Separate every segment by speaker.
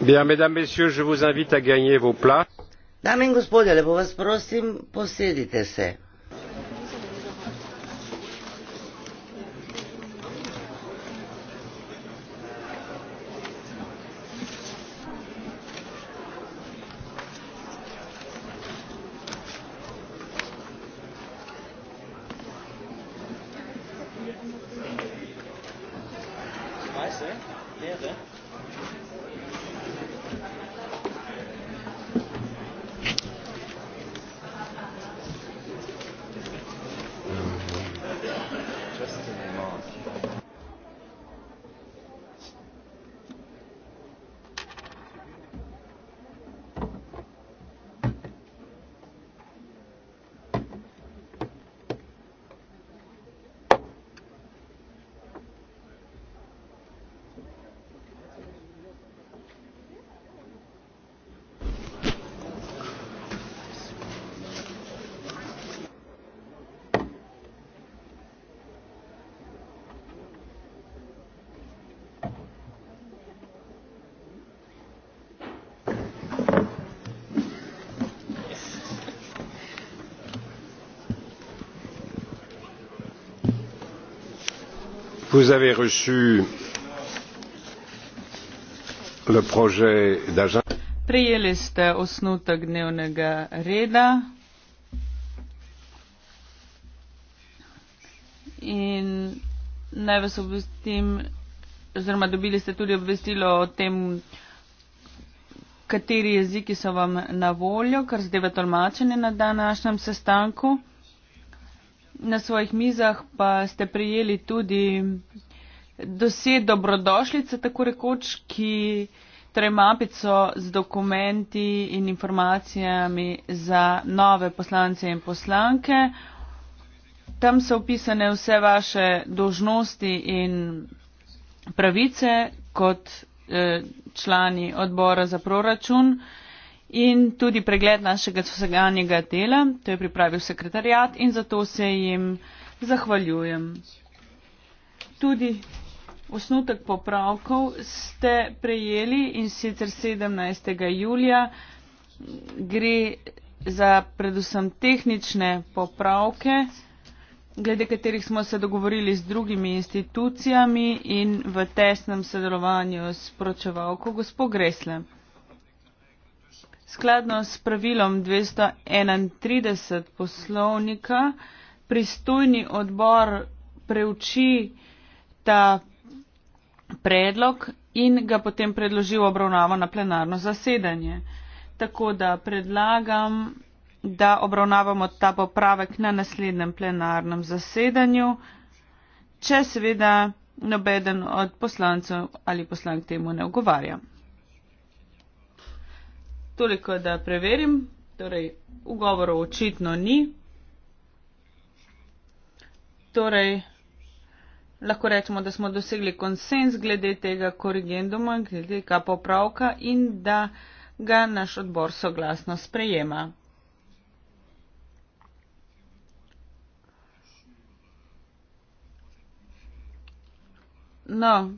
Speaker 1: Bien, mesdames, messieurs, je vous invite à gagner vos places. Dame in gospodje, lepo vas prosim, posedite se. vous avez reçu le projet
Speaker 2: Prijeli ste osnutek dnevnega reda in naj vas obvestim, oziroma dobili ste tudi obvestilo o tem, kateri jeziki so vam na voljo, kar zadeva tolmačenje na današnjem sestanku. Na svojih mizah pa ste prijeli tudi deset dobrodošljice, tako rekoč, ki torej mapico z dokumenti in informacijami za nove poslance in poslanke. Tam so upisane vse vaše dožnosti in pravice kot eh, člani odbora za proračun in tudi pregled našega vsegajnega dela. To je pripravil sekretarjat in zato se jim zahvaljujem. Tudi Osnutek popravkov ste prejeli in sicer 17. julija gre za predvsem tehnične popravke, glede katerih smo se dogovorili z drugimi institucijami in v tesnem sodelovanju s pročevalko gospod Gresle. Skladno s pravilom 231 poslovnika, pristojni odbor preuči ta predlog in ga potem predložil obravnavo na plenarno zasedanje. Tako da predlagam, da obravnavamo ta popravek na naslednjem plenarnem zasedanju, če seveda nobeden od poslancev ali poslank temu ne ogovarja. Toliko, da preverim. Torej, ugovorov očitno ni. Torej, lahko rečemo, da smo dosegli konsens glede tega korigenduma, glede tega popravka in da ga naš odbor soglasno sprejema. No,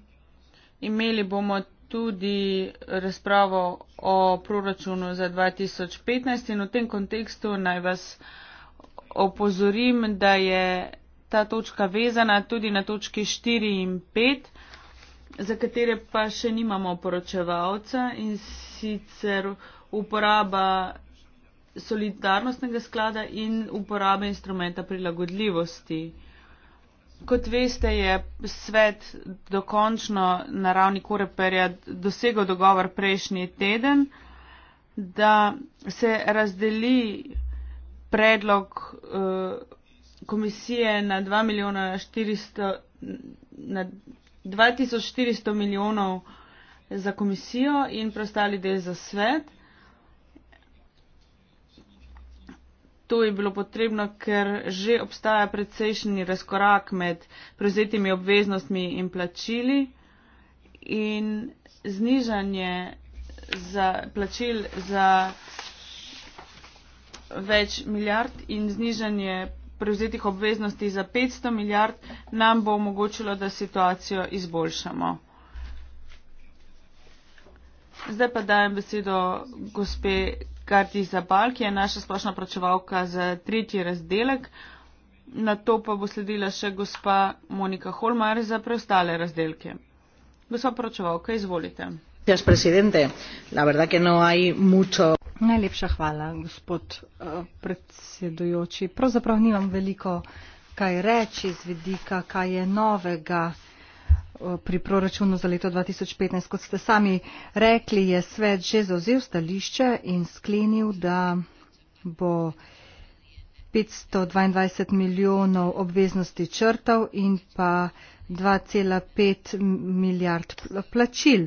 Speaker 2: imeli bomo tudi razpravo o proračunu za 2015 in v tem kontekstu naj vas opozorim, da je ta točka vezana tudi na točki 4 in 5, za katere pa še nimamo poročevalca in sicer uporaba solidarnostnega sklada in uporaba instrumenta prilagodljivosti. Kot veste, je svet dokončno na ravni koreperja dosegel dogovor prejšnji teden, da se razdeli predlog. Uh, komisije na 2 milijona 400, na 2400 milijonov za komisijo in prostali del za svet. To je bilo potrebno, ker že obstaja precejšnji razkorak med prevzetimi obveznostmi in plačili in znižanje za plačil za več milijard in znižanje prevzetih obveznosti za 500 milijard, nam bo omogočilo, da situacijo izboljšamo. Zdaj pa dajem besedo gospe Karti Zabal, ki je naša splošna pračevalka za tretji razdelek. Na to pa bo sledila še gospa Monika Holmar za preostale razdelke. Gospa pračevalka, izvolite.
Speaker 3: Gospod predsednik, la verdad, que no hay mucho. Najlepša hvala, gospod uh, predsedujoči. Pravzaprav nimam veliko kaj reči z vidika, kaj je novega eh, pri proračunu za leto 2015. Kot ste sami rekli, je svet že zauzel stališče in sklenil, da bo 522 milijonov obveznosti črtav in pa 2,5 milijard plačil.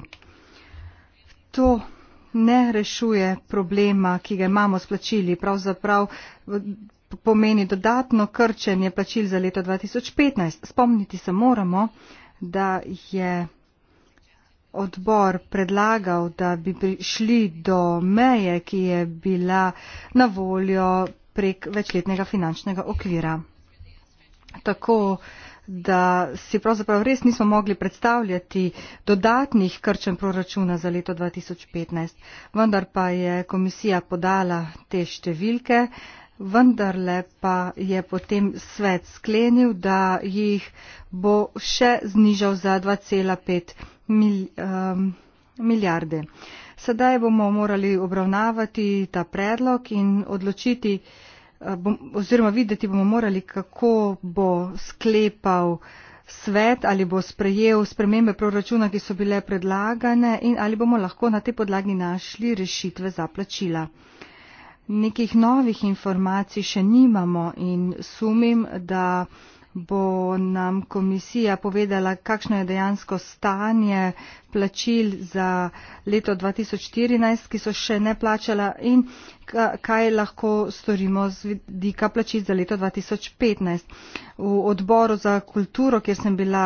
Speaker 3: To ne rešuje problema, ki ga imamo s plačili. Pravzaprav pomeni dodatno krčenje plačil za leto 2015. Spomniti se moramo, da je odbor predlagal, da bi prišli do meje, ki je bila na voljo prek večletnega finančnega okvira. Tako da si pravzaprav res nismo mogli predstavljati dodatnih krčen proračuna za leto 2015. Vendar pa je komisija podala te številke, vendarle pa je potem svet sklenil, da jih bo še znižal za 2,5 mil, um, milijarde. Sedaj bomo morali obravnavati ta predlog in odločiti, Eh, bom, oziroma videti bomo morali, kako bo sklepal svet, ali bo sprejel spremembe proračuna, ki so bile predlagane in ali bomo lahko na te podlagi našli rešitve za plačila. Nekih novih informacij še nimamo in sumim, da bo nam komisija povedala, kakšno je dejansko stanje plačil za leto 2014, ki so še ne plačala in kaj lahko storimo z vidika plačil za leto 2015. V odboru za kulturo, kjer sem bila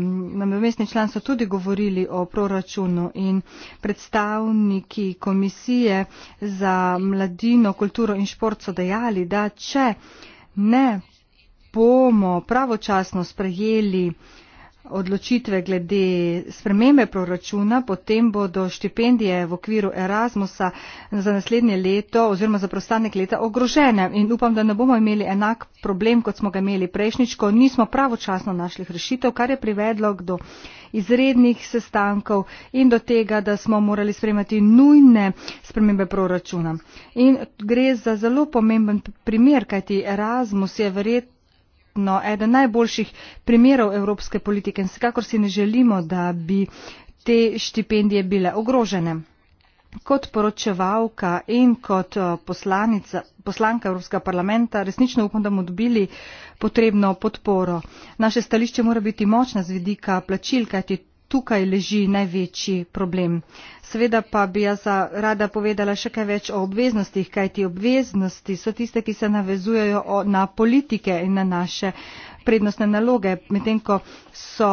Speaker 3: um, na mestni član, so tudi govorili o proračunu in predstavniki komisije za mladino, kulturo in šport so dejali, da če ne bomo pravočasno sprejeli odločitve glede spremembe proračuna, potem bodo štipendije v okviru Erasmusa za naslednje leto oziroma za prostanek leta ogrožene. In upam, da ne bomo imeli enak problem, kot smo ga imeli prejšnjič, ko nismo pravočasno našli rešitev, kar je privedlo do izrednih sestankov in do tega, da smo morali spremati nujne spremembe proračuna. In gre za zelo pomemben primer, kajti Erasmus je verjetno verjetno eden najboljših primerov evropske politike in vsekakor si ne želimo, da bi te štipendije bile ogrožene. Kot poročevalka in kot eh, poslanica, poslanka Evropskega parlamenta resnično upam, da bomo dobili potrebno podporo. Naše stališče mora biti močno z vidika plačil, kajti tukaj leži največji problem. Seveda pa bi jaz rada povedala še kaj več o obveznostih, kajti obveznosti so tiste, ki se navezujejo na politike in na naše prednostne naloge, medtem ko so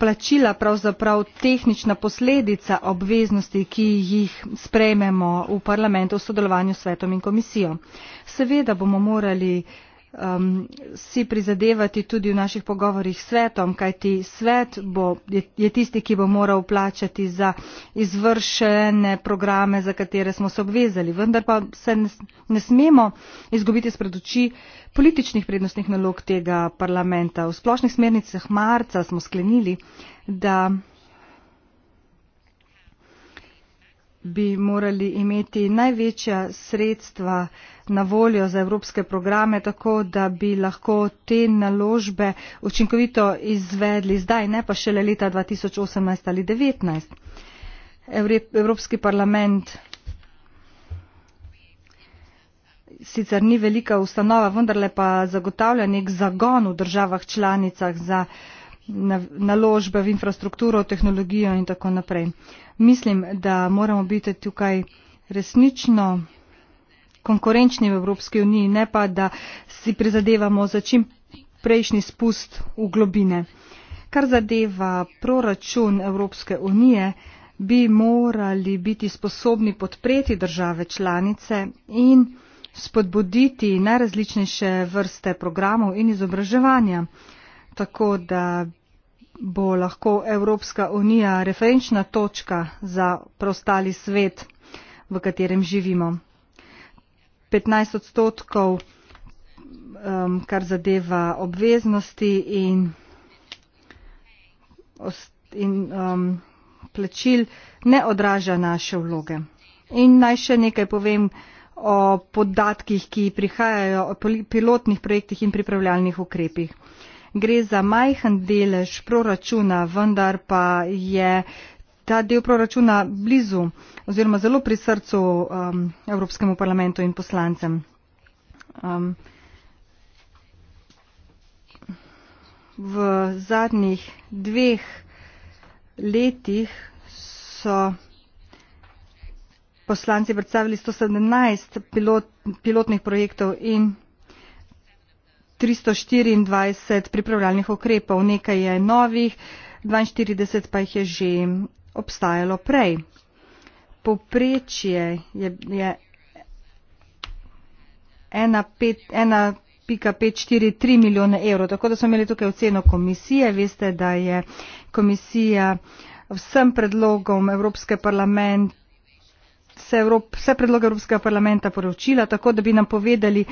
Speaker 3: plačila pravzaprav tehnična posledica obveznosti, ki jih sprejmemo v parlamentu v sodelovanju s svetom in komisijo. Seveda bomo morali um, si prizadevati tudi v naših pogovorjih s svetom, kajti svet bo, je, je tisti, ki bo moral plačati za izvršene programe, za katere smo se obvezali. Vendar pa se ne, ne smemo izgubiti spred oči političnih prednostnih nalog tega parlamenta. V splošnih smernicah marca smo sklenili, da bi morali imeti največja sredstva na voljo za evropske programe, tako da bi lahko te naložbe učinkovito izvedli zdaj, ne pa šele leta 2018 ali 2019. Evropski parlament sicer ni velika ustanova, vendarle pa zagotavlja nek zagon v državah članicah za naložbe v infrastrukturo, tehnologijo in tako naprej mislim, da moramo biti tukaj resnično konkurenčni v Evropski uniji, ne pa, da si prizadevamo za čim prejšnji spust v globine. Kar zadeva proračun Evropske unije, bi morali biti sposobni podpreti države članice in spodbuditi najrazličnejše vrste programov in izobraževanja, tako da bo lahko Evropska unija referenčna točka za prostali svet, v katerem živimo. 15 odstotkov, um, kar zadeva obveznosti in, in um, plačil, ne odraža naše vloge. In naj še nekaj povem o podatkih, ki prihajajo, o pilotnih projektih in pripravljalnih ukrepih gre za majhen delež proračuna, vendar pa je ta del proračuna blizu oziroma zelo pri srcu um, Evropskemu parlamentu in poslancem. Um, v zadnjih dveh letih so poslanci predstavili 117 pilot, pilotnih projektov in 324 pripravljalnih ukrepov, nekaj je novih, 42 pa jih je že obstajalo prej. Poprečje je, je 1,543 milijona evrov, tako da smo imeli tukaj oceno komisije. Veste, da je komisija vsem predlogom Evropske parlamenta vse, Evrop, vse predloge Evropskega parlamenta poročila, tako da bi nam povedali,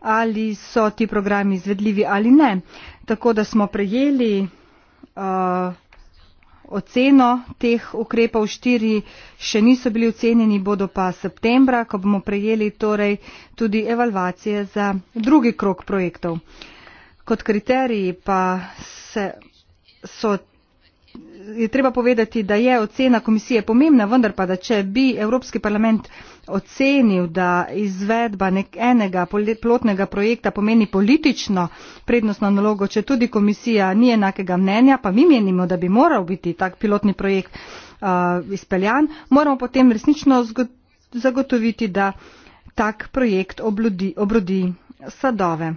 Speaker 3: ali so ti programi izvedljivi ali ne. Tako da smo prejeli uh, oceno teh ukrepov, štiri še niso bili ocenjeni, bodo pa septembra, ko bomo prejeli torej tudi evalvacije za drugi krok projektov. Kot kriteriji pa se, so je treba povedati, da je ocena komisije pomembna, vendar pa, da če bi Evropski parlament ocenil, da izvedba enega plotnega projekta pomeni politično prednostno nalogo, če tudi komisija ni enakega mnenja, pa mi menimo, da bi moral biti tak pilotni projekt uh, izpeljan, moramo potem resnično zagotoviti, da tak projekt obludi, obrodi sadove.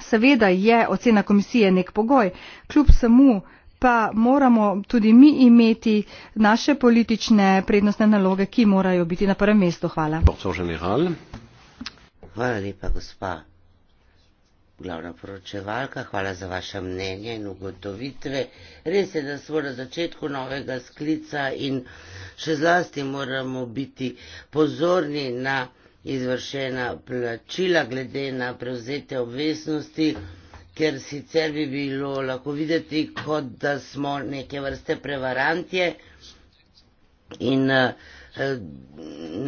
Speaker 3: Seveda je ocena komisije nek pogoj, kljub samo pa moramo tudi mi imeti naše politične prednostne naloge, ki morajo biti na prvem mestu. Hvala.
Speaker 1: Hvala lepa, gospa glavna poročevalka. Hvala za vaše mnenje in ugotovitve. Res je, da smo na začetku novega sklica in še zlasti moramo biti pozorni na izvršena plačila glede na prevzete obveznosti ker sicer bi bilo lahko videti, kot da smo neke vrste prevarantje in eh,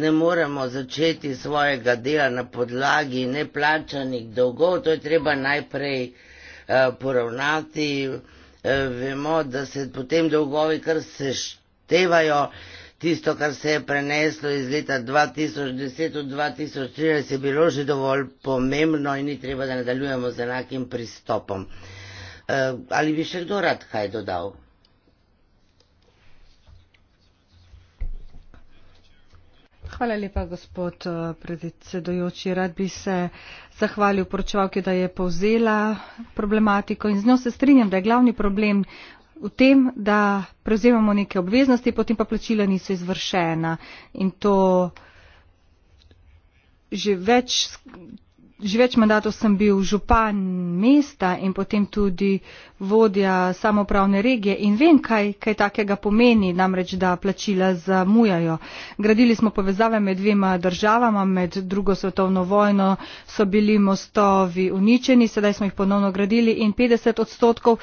Speaker 1: ne moremo začeti svojega dela na podlagi neplačanih dolgov, to je treba najprej eh, poravnati. Eh, vemo, da se potem dolgovi kar seštevajo tisto, kar se je preneslo iz leta 2010 v 2013, je bilo že dovolj pomembno in ni treba, da nadaljujemo z enakim pristopom. Uh, ali bi še kdo rad kaj dodal?
Speaker 3: Hvala lepa, gospod eh, predsedojoči. Rad bi se zahvalil poročevalki, da je povzela problematiko in z njo se strinjam, da je glavni problem v tem, da prevzemamo neke obveznosti, potem pa plačila niso izvršena. In to že več, že več mandatov sem bil župan mesta in potem tudi vodja samopravne regije in vem, kaj, kaj takega pomeni, namreč, da plačila zamujajo. Gradili smo povezave med dvema državama, med drugo svetovno vojno so bili mostovi uničeni, sedaj smo jih ponovno gradili in 50 odstotkov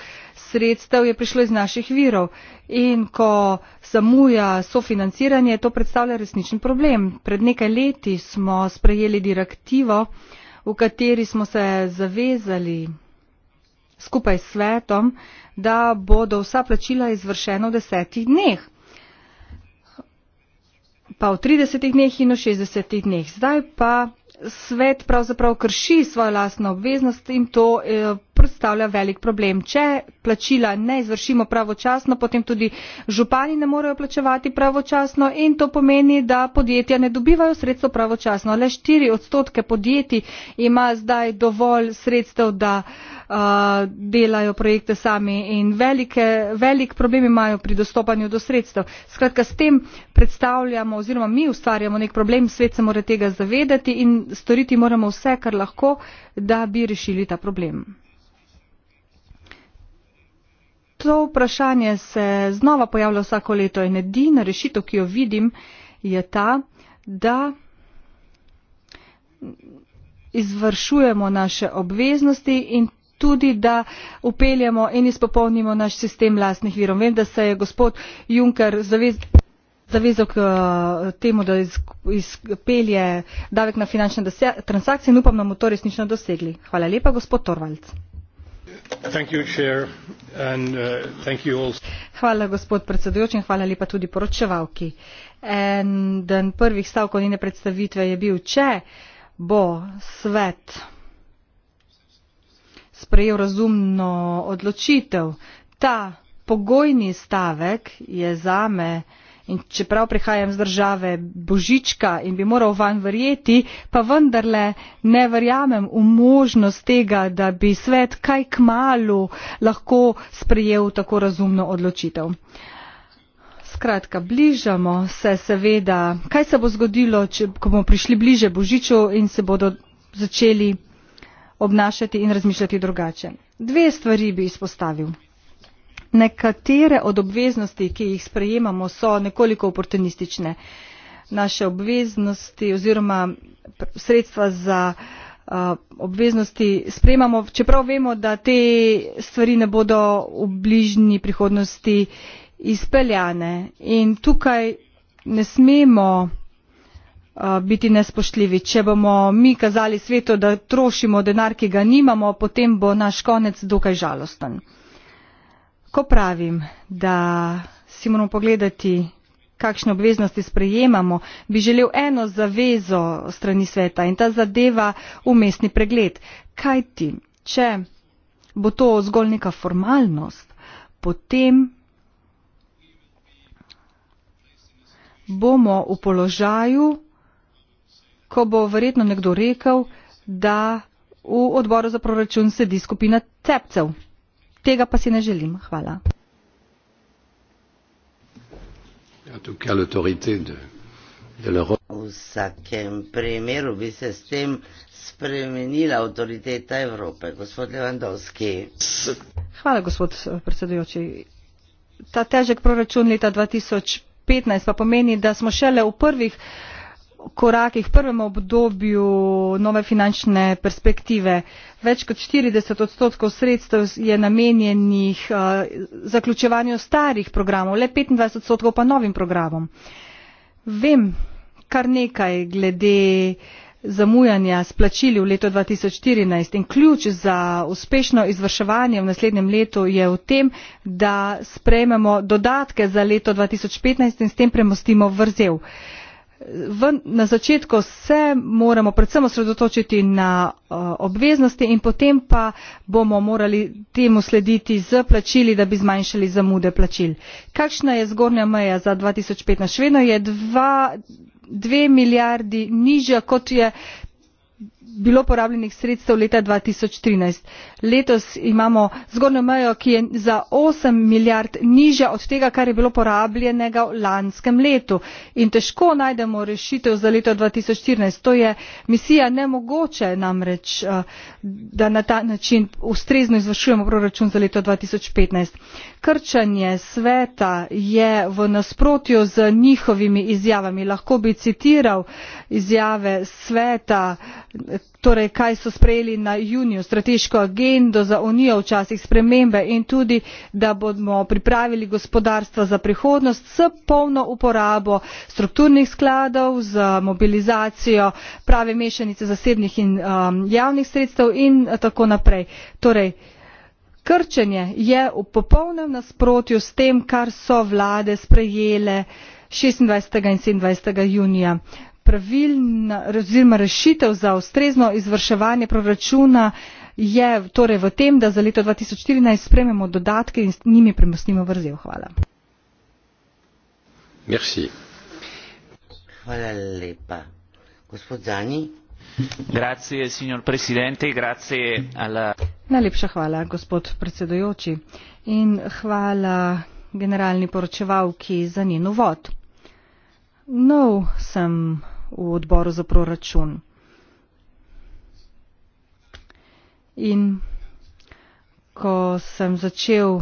Speaker 3: sredstev je prišlo iz naših virov in ko samuja sofinanciranje, to predstavlja resničen problem. Pred nekaj leti smo sprejeli direktivo, v kateri smo se zavezali skupaj s svetom, da bodo vsa plačila izvršena v desetih dneh. Pa v 30 dneh in v 60 dneh. Zdaj pa svet pravzaprav krši svojo lastno obveznost in to eh, predstavlja velik problem. Če plačila ne izvršimo pravočasno, potem tudi župani ne morejo plačevati pravočasno in to pomeni, da podjetja ne dobivajo sredstev pravočasno. Le 4 odstotke podjetij ima zdaj dovolj sredstev, da uh, delajo projekte sami in velike, velik problem imajo pri dostopanju do sredstev. Skratka, s tem predstavljamo oziroma mi ustvarjamo nek problem, svet se mora tega zavedati in storiti moramo vse, kar lahko, da bi rešili ta problem. To vprašanje se znova pojavlja vsako leto in edina rešitev, ki jo vidim, je ta, da izvršujemo naše obveznosti in tudi, da upeljemo in izpopolnimo naš sistem lastnih virov. Vem, da se je gospod Juncker zavezal k temu, da izpelje davek na finančne transakcije in upam, da bomo to resnično dosegli. Hvala lepa, gospod Torvalds. Uh, hvala gospod predsedujoči in hvala lepa tudi poročevalki. Eden prvih stavkov njene predstavitve je bil, če bo svet sprejel razumno odločitev. Ta pogojni stavek je zame eh, in čeprav prihajam z države Božička in bi moral van verjeti, pa vendarle ne verjamem v možnost tega, da bi svet kaj k malu lahko sprejel tako razumno odločitev. Skratka, bližamo se seveda, kaj se bo zgodilo, če, ko bomo prišli bliže Božiču in se bodo začeli obnašati in razmišljati drugače. Dve stvari bi izpostavil nekatere od obveznosti, ki jih sprejemamo, so nekoliko oportunistične. Naše obveznosti oziroma sredstva za uh, obveznosti sprejemamo, čeprav vemo, da te stvari ne bodo v bližnji prihodnosti izpeljane. In tukaj ne smemo biti nespoštljivi. Če bomo mi kazali svetu, da trošimo denar, ki ga nimamo, potem bo naš konec dokaj žalosten lahko pravim, da si moramo pogledati, kakšne obveznosti sprejemamo, bi želel eno zavezo strani sveta in ta zadeva umestni pregled. Kaj ti, če bo to zgolj neka formalnost, potem bomo v položaju, ko bo verjetno nekdo rekel, da v odboru za proračun sedi skupina cepcev. Tega pa si ne želim. Hvala.
Speaker 1: V vsakem primeru bi se s tem spremenila avtoriteta Evrope, gospod
Speaker 3: Levandovski. Hvala, gospod eh, predsedujoči. Ta težek proračun leta 2015 pa pomeni, da smo šele v prvih uh, korakih v prvem obdobju nove finančne perspektive. Več kot 40 odstotkov sredstev je namenjenih eh, zaključevanju starih programov, le 25 odstotkov pa novim programom. Vem kar nekaj glede zamujanja s plačili v letu 2014 in ključ za uspešno izvrševanje v naslednjem letu je v tem, da sprejmemo dodatke za leto 2015 in s tem premostimo vrzel v, na začetku se moramo predvsem osredotočiti na uh, obveznosti in potem pa bomo morali temu slediti z plačili, da bi zmanjšali zamude plačil. Kakšna je zgornja meja za 2015? Še vedno je dva, dve milijardi nižja, kot je bilo porabljenih sredstev leta dva tisoč trinajst letos imamo zgornjo mejo ki je za osem milijard nižja od tega kar je bilo porabljenega v lanskem letu in težko najdemo rešitev za leto dva tisoč štirinajst to je misija nemogoče namreč eh, da na ta način ustrezno izvršujemo proračun za leto dva tisoč petnajst krčenje sveta je v nasprotju z njihovimi izjavami lahko bi citiral izjave sveta torej kaj so sprejeli na juniju strateško agendo za unijo včasih spremembe in tudi da bomo pripravili gospodarstvo za prihodnost s polno uporabo strukturnih skladov z mobilizacijo prave mešanice zasebnih in um, javnih sredstev in tako naprej. torej krčenje je v popolnem nasprotju s tem kar so vlade sprejele šestindvajset in sedemindvajset junija pravil oziroma rešitev za ustrezno izvrševanje proračuna je torej v tem, da za leto 2014 sprememo dodatke in s njimi premostimo vrzel. Hvala. Merci.
Speaker 1: Hvala lepa.
Speaker 4: Gospod Zani. Grazie, signor Presidente, grazie alla...
Speaker 3: Najlepša hvala, gospod predsedujoči. In hvala generalni poročevalki za njen uvod. Nov sem v odboru za proračun. In ko sem začel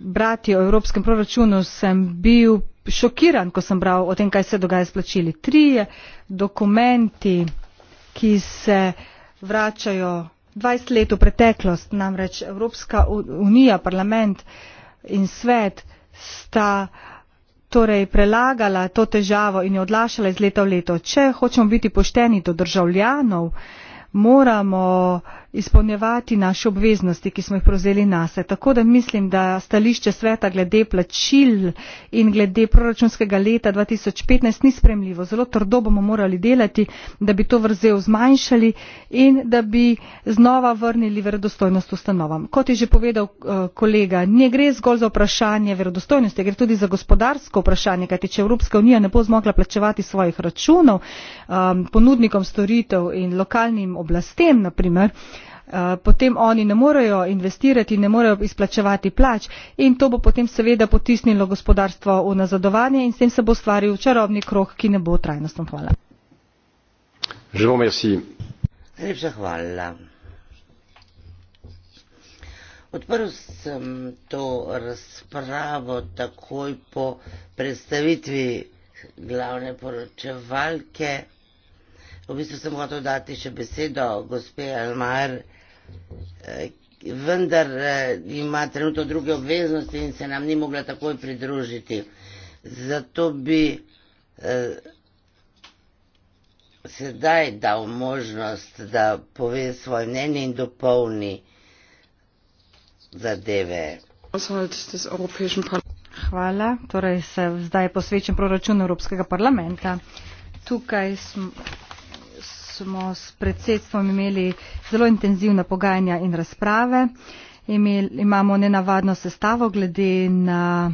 Speaker 3: brati o evropskem proračunu, sem bil šokiran, ko sem bral o tem, kaj se dogaja s plačili. Trije dokumenti, ki se vračajo 20 let v preteklost, namreč Evropska unija, parlament in svet sta uh, torej prelagala to težavo in jo odlašala iz leta v leto. Če hočemo biti pošteni do državljanov, moramo izpolnjevati naše obveznosti, ki smo jih prevzeli nase. Tako da mislim, da stališče sveta glede plačil in glede proračunskega leta 2015 ni spremljivo. Zelo trdo bomo morali delati, da bi to vrzel zmanjšali in da bi znova vrnili verodostojnost ustanovam. Kot je že povedal eh, kolega, ne gre zgolj za vprašanje verodostojnosti, gre tudi za gospodarsko vprašanje, kajti če Evropska unija ne bo zmogla plačevati svojih računov eh, ponudnikom storitev in lokalnim oblastem, naprimer, Eh, potem oni ne morejo investirati, ne morejo izplačevati plač in to bo potem seveda potisnilo gospodarstvo v nazadovanje in s tem se bo ustvaril čarobni krok, ki ne bo trajnostno. Hvala.
Speaker 1: Najlepša hvala. Odprl sem to razpravo takoj po predstavitvi glavne poročevalke. V bistvu sem hotel dati še besedo gospe Almar. Eh, vendar eh, ima trenutno druge obveznosti in se nam ni mogla takoj pridružiti. Zato bi eh, sedaj dal možnost, da pove svoje mnenje in dopolni zadeve.
Speaker 3: Hvala. Torej se zdaj posvečam proračun Evropskega parlamenta. Tukaj smo smo s predsedstvom imeli zelo intenzivna pogajanja in razprave. Imel, imamo nenavadno sestavo glede na,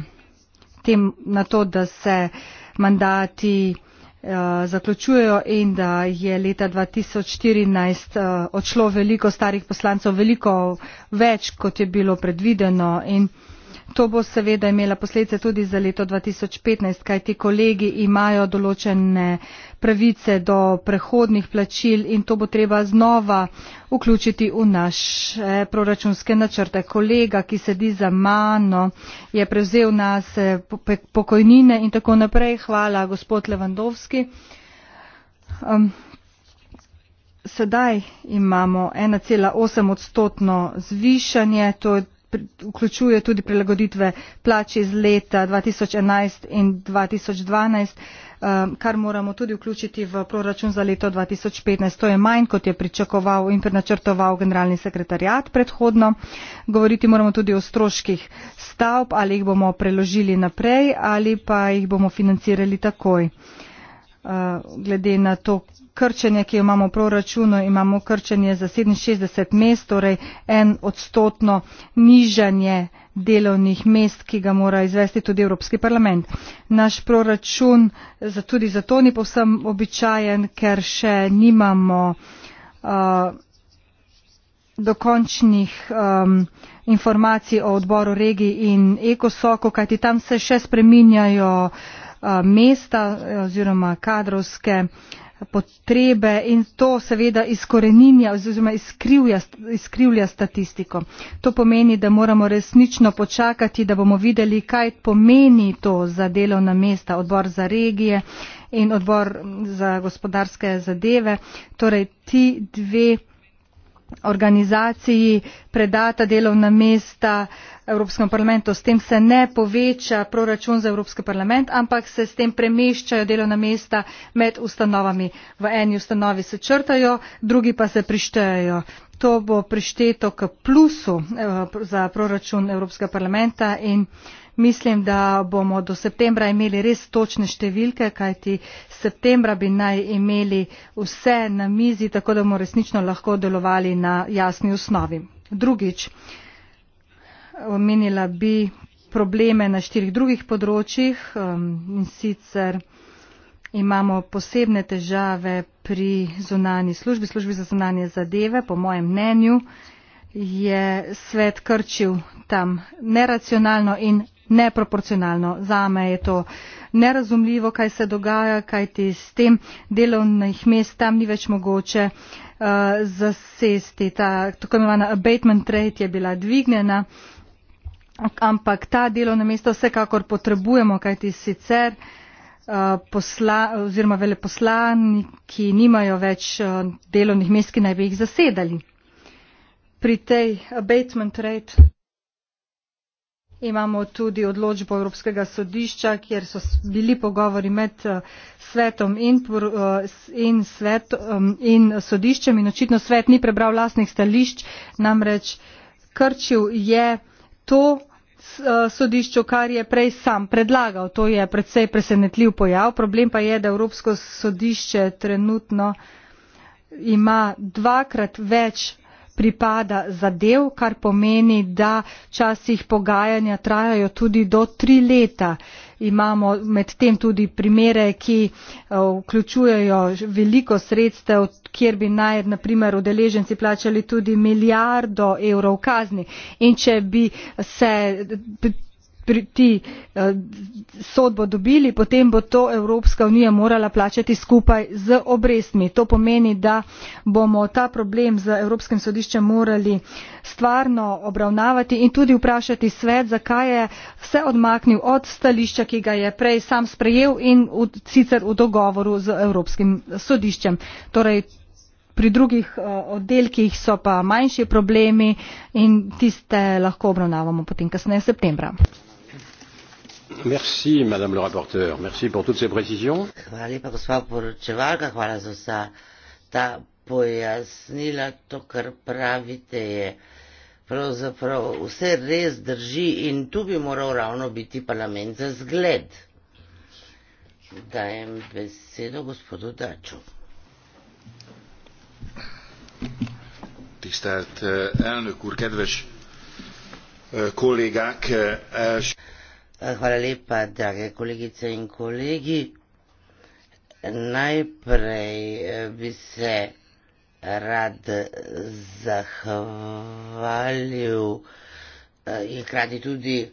Speaker 3: tem, na to, da se mandati eh, zaključujejo in da je leta 2014 eh, odšlo veliko starih poslancev, veliko več, kot je bilo predvideno in To bo seveda imela posledice tudi za leto 2015, kaj ti kolegi imajo določene pravice do prehodnih plačil in to bo treba znova vključiti v naše proračunske načrte. Kolega, ki sedi za mano, je prevzel nas pokojnine in tako naprej. Hvala, gospod Levandovski. Um, sedaj imamo 1,8 odstotno zvišanje. To je vključuje tudi prilagoditve plač iz leta 2011 in 2012, um, kar moramo tudi vključiti v proračun za leto 2015. To je manj, kot je pričakoval in prenačrtoval generalni sekretarjat predhodno. Govoriti moramo tudi o stroških stavb, ali jih bomo preložili naprej ali pa jih bomo financirali takoj. Eh, glede na to krčenje, ki jo imamo v proračunu, imamo krčenje za 67 mest, torej en odstotno nižanje delovnih mest, ki ga mora izvesti tudi Evropski parlament. Naš proračun tudi zato ni povsem običajen, ker še nimamo uh, dokončnih um, informacij o odboru regij in ekosoko, kajti tam se še spreminjajo uh, Eh, mesta eh, oziroma kadrovske potrebe in to seveda izkoreninja oziroma izkrivlja, izkrivlja statistiko. To pomeni, da moramo resnično počakati, da bomo videli, kaj pomeni to za delovna mesta, odbor za regije in odbor za gospodarske zadeve. Torej, ti dve organizaciji predata delovna mesta uh, Evropskem parlamentu. S tem se ne poveča proračun za Evropski parlament, ampak se s tem premeščajo delovna mesta med ustanovami. V eni ustanovi se črtajo, drugi pa se prištejejo. To bo prišteto k plusu eh, za proračun Evropskega parlamenta in mislim, da bomo do septembra imeli res točne številke, kajti septembra bi naj imeli vse na mizi, tako da bomo resnično lahko delovali na jasni osnovi. Drugič, Omenila bi probleme na štirih drugih področjih um, in sicer imamo posebne težave pri zunani službi, službi za zunanje zadeve. Po mojem mnenju je svet krčil tam neracionalno in neproporcionalno. Zame je to nerazumljivo, kaj se dogaja, kaj ti s tem delovnih mest tam ni več mogoče uh, zasesti. Ta tako imenovana abatement rate je bila dvignjena ampak ta delovna mesta vsekakor potrebujemo, kajti sicer eh, posla, oziroma veleposlaniki nimajo več eh, delovnih mest, ki naj bi jih zasedali. Pri tej abatement rate imamo tudi odločbo Evropskega sodišča, kjer so bili pogovori med eh, svetom in, in, svet, in sodiščem in očitno svet ni prebral vlastnih stališč, namreč krčil je to, Eh, sodišču kar je prej sam predlagal to je predvsej presenetljiv pojav problem pa je da evropsko sodišče trenutno ima dvakrat več pripada zadev, kar pomeni, da časih pogajanja trajajo tudi do tri leta. Imamo med tem tudi primere, ki eh, vključujejo veliko sredstev, kjer bi naj, na primer, udeleženci plačali tudi milijardo evrov kazni. In če bi se ti eh, sodbo dobili potem bo to evropska unija morala plačati skupaj z obrestmi. to pomeni da bomo ta problem z evropskim sodiščem morali stvarno obravnavati in tudi vprašati svet zakaj je se odmaknil od stališča ki ga je prej sam sprejel in v, sicer v dogovoru z evropskim sodiščem. Torej, pri drugih eh, oddelkih so pa manjši problemi in tiste lahko obravnavamo potem kasneje septembra.
Speaker 1: Merci Madame le rapporteur, merci pour toutes ces précisions. Hvala lepa gospa poročevalka, hvala za vsa ta pojasnila, to kar pravite je pravzaprav vse res drži in tu bi moral ravno biti parlament za zgled. Dajem besedo gospodu Daču. Tisztelt eh, elnök úr, kedves eh, kollégák! Eh, Első... Hvala lepa, drage kolegice in kolegi. Najprej eh, bi se rad zahvalil eh, in hkrati tudi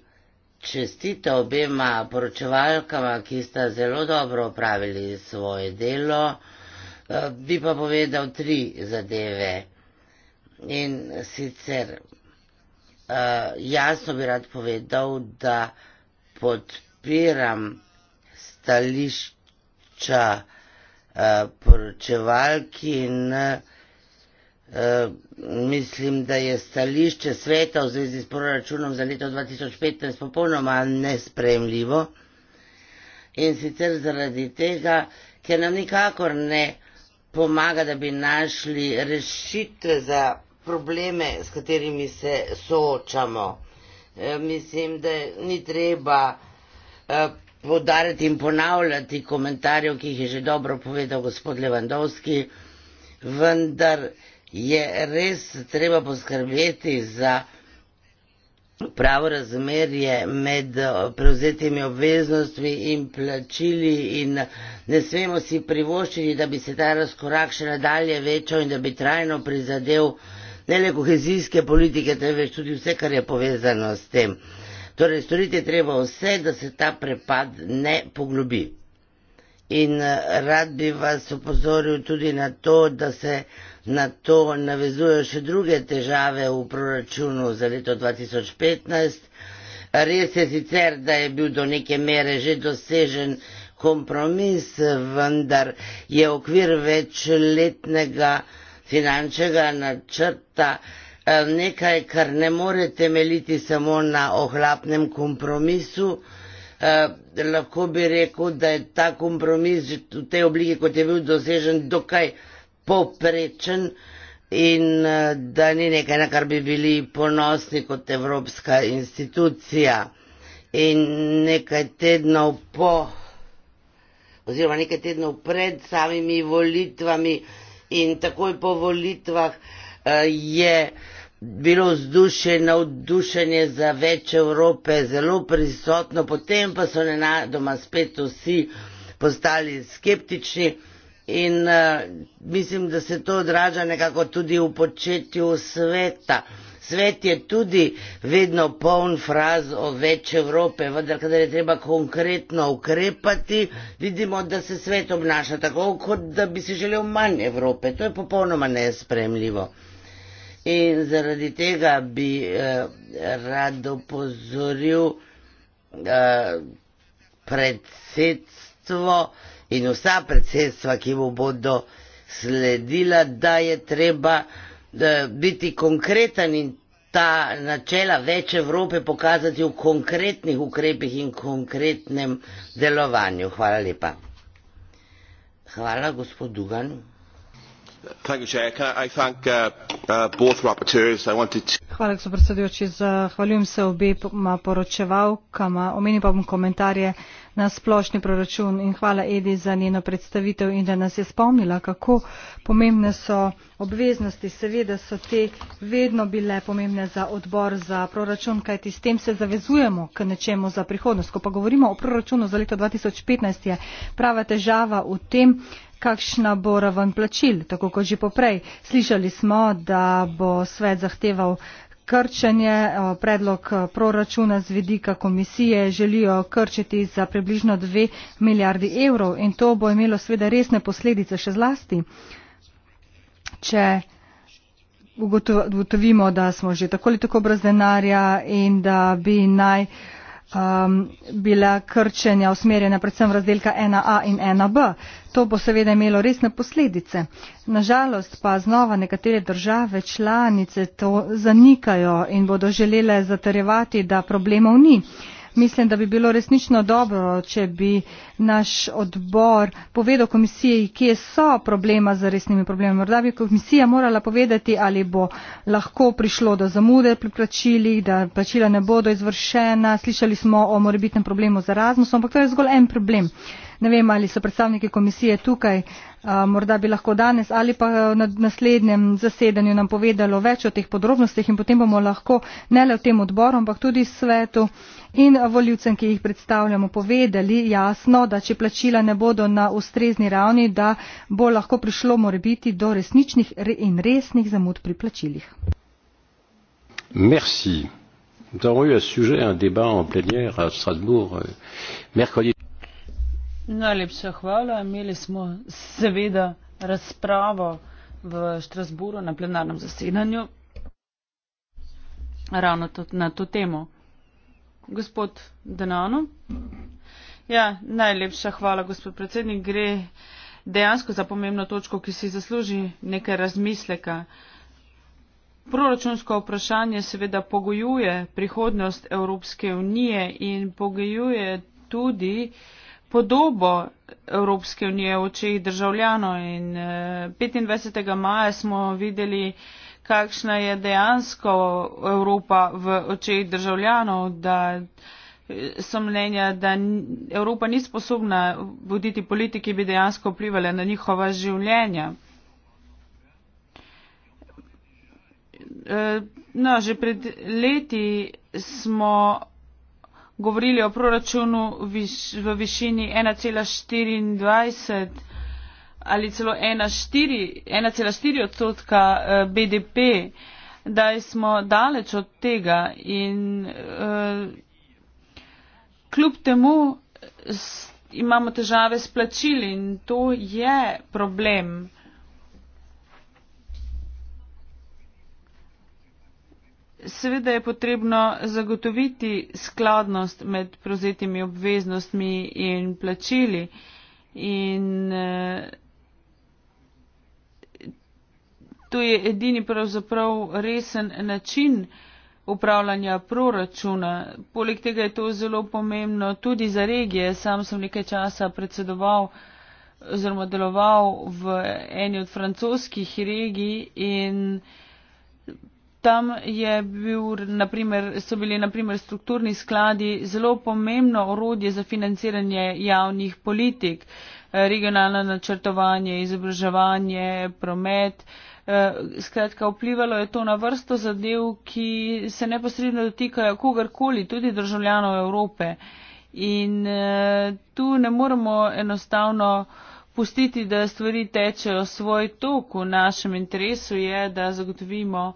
Speaker 1: čestita obema poročevalkama, ki sta zelo dobro opravili svoje delo. Eh, bi pa povedal tri zadeve. In sicer jasno bi rad povedal, da podpiram stališča eh, poročevalki in eh, mislim, da je stališče sveta v zvezi s proračunom za leto 2015 popolnoma nespremljivo. In sicer zaradi tega, ker nam nikakor ne pomaga, da bi našli rešitve za probleme, s katerimi se soočamo. Eh, mislim, da ni treba eh, podariti in ponavljati komentarjev, ki jih je že dobro povedal gospod Levandovski, vendar je res treba poskrbeti za pravo razmerje med eh, prevzetimi obveznostmi in plačili in ne smemo si privoščiti, da bi se ta razkorak še nadalje večal in da bi trajno prizadel ne le kohezijske politike, temveč tudi vse, kar je povezano s tem. Torej, storiti je treba vse, da se ta prepad ne poglobi. In eh, rad bi vas upozoril tudi na to, da se na to navezujejo še druge težave v proračunu za leto 2015. Res je sicer, da je bil do neke mere že dosežen kompromis, vendar je okvir večletnega finančnega načrta eh, nekaj, kar ne more temeljiti samo na ohlapnem kompromisu. Eh, lahko bi rekel, da je ta kompromis v tej obliki, kot je bil dosežen, dokaj poprečen in eh, da ni nekaj, na kar bi bili ponosni kot evropska institucija. In nekaj tednov po oziroma nekaj tednov pred samimi volitvami in takoj po volitvah eh, je bilo vzdušje, navdušenje za več Evrope zelo prisotno, potem pa so nenadoma spet vsi postali skeptični in eh, mislim, da se to odraža nekako tudi v početju sveta. Svet je tudi vedno poln fraz o več Evrope, vendar kadar je treba konkretno ukrepati, vidimo, da se svet obnaša tako, kot da bi si želel manj Evrope. To je popolnoma nespremljivo. In zaradi tega bi eh, rad opozoril eh, predsedstvo in vsa predsedstva, ki mu bodo sledila, da je treba. Eh, biti konkreten in ta načela več Evrope pokazati v konkretnih ukrepih in konkretnem delovanju. Hvala lepa. Hvala, gospod Dugan.
Speaker 3: Thank you, Chair. Can I thank uh, uh, both rapporteurs? I wanted to... Hvala, gospod predsedujoči. Zahvaljujem se obima poročevalkama. Omenim pa bom komentarje na splošni proračun in hvala Edi za njeno predstavitev in da nas je spomnila, kako pomembne so obveznosti. Seveda so te vedno bile pomembne za odbor za proračun, kajti s tem se zavezujemo k nečemu za prihodnost. Ko pa govorimo o proračunu za leto 2015, je prava težava v tem, kakšna bo raven plačil, tako kot že poprej. Slišali smo, da bo svet zahteval krčenje, eh, predlog eh, proračuna z vidika komisije želijo krčiti za približno 2 milijardi evrov in to bo imelo sveda resne posledice še zlasti, če ugotovimo, da smo že tako ali tako brez denarja in da bi naj uh, um, bila krčenja usmerjena predvsem v razdelka 1A in 1B. To bo seveda imelo resne posledice. Nažalost pa znova nekatere države članice to zanikajo in bodo želele zatrjevati, da problemov ni. Uh, mislim, da bi bilo resnično dobro, če bi naš odbor povedal komisiji, kje so problema z resnimi problemi. Morda bi komisija morala povedati, ali bo lahko prišlo do zamude pri plačilih, da plačila ne bodo izvršena. Slišali smo o morebitnem problemu z Erasmusom, ampak to je zgolj en problem. Ne vem, ali so predstavniki komisije tukaj. Uh, morda bi lahko danes ali pa eh, na naslednjem zasedanju nam povedalo več o teh podrobnostih in potem bomo lahko ne le v tem odboru, ampak tudi svetu in voljivcem, ki jih predstavljamo, povedali jasno, da če plačila ne bodo na ustrezni ravni, da bo lahko prišlo morebiti do resničnih in resnih zamud pri plačilih.
Speaker 2: Merci. Nous avons eu à ce sujet un débat en plénière à Strasbourg euh, mercredi. Najlepša hvala. Imeli smo seveda razpravo v Štrasburu na plenarnem zasedanju ravno to, na to temo. Gospod Denano. Ja, najlepša hvala, gospod predsednik. Gre dejansko za pomembno točko, ki si zasluži nekaj razmisleka. Proračunsko vprašanje seveda pogojuje prihodnost Evropske unije in pogojuje tudi uh, podobo Evropske unije v očih državljanov in 25. Eh, maja smo videli, kakšna je dejansko Evropa v očih državljanov, da eh, so mnenja, da Evropa ni sposobna voditi politiki, ki bi dejansko vplivali na njihova življenja. Eh, no, že pred leti smo govorili o proračunu viš, v višini 1,24 ali celo 1,4 odstotka eh, BDP, da smo daleč od tega in uh, kljub temu s, imamo težave s plačili in to je problem. Seveda je potrebno zagotoviti skladnost med prozetimi obveznostmi in plačili in eh, to je edini pravzaprav resen način upravljanja proračuna. Poleg tega je to zelo pomembno tudi za regije. Sam sem nekaj časa predsedoval oziroma deloval v eni od francoskih regij in tam je bil, naprimer, so bili naprimer strukturni skladi zelo pomembno orodje za financiranje javnih politik, eh, regionalno načrtovanje, izobraževanje, promet. Eh, skratka, vplivalo je to na vrsto zadev, ki se neposredno dotikajo kogarkoli, tudi državljanov Evrope. In eh, tu ne moremo enostavno pustiti, da stvari tečejo svoj tok. V našem interesu je, da zagotovimo,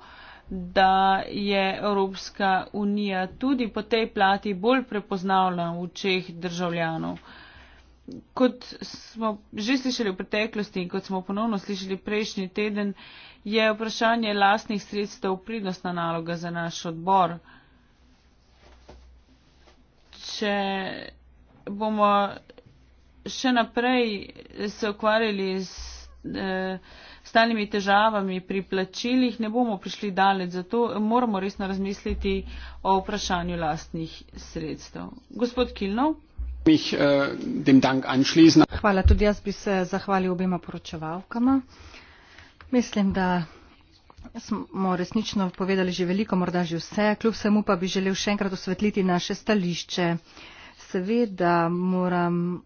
Speaker 2: da je Evropska unija tudi po tej plati bolj prepoznavna v čeh državljanov. Kot smo že slišali v preteklosti in kot smo ponovno slišali prejšnji teden, je vprašanje lastnih sredstev pridnostna naloga za naš odbor. Če bomo še naprej se ukvarjali s. Eh, stalnimi težavami pri plačilih ne bomo prišli daleč, zato moramo resno razmisliti o vprašanju lastnih sredstev. Gospod Kilnov. Eh,
Speaker 3: Hvala, tudi jaz bi se zahvalil obema poročevalkama. Mislim, da smo resnično povedali že veliko, morda že vse, kljub vsemu pa bi želel še enkrat osvetliti naše stališče. Seveda moram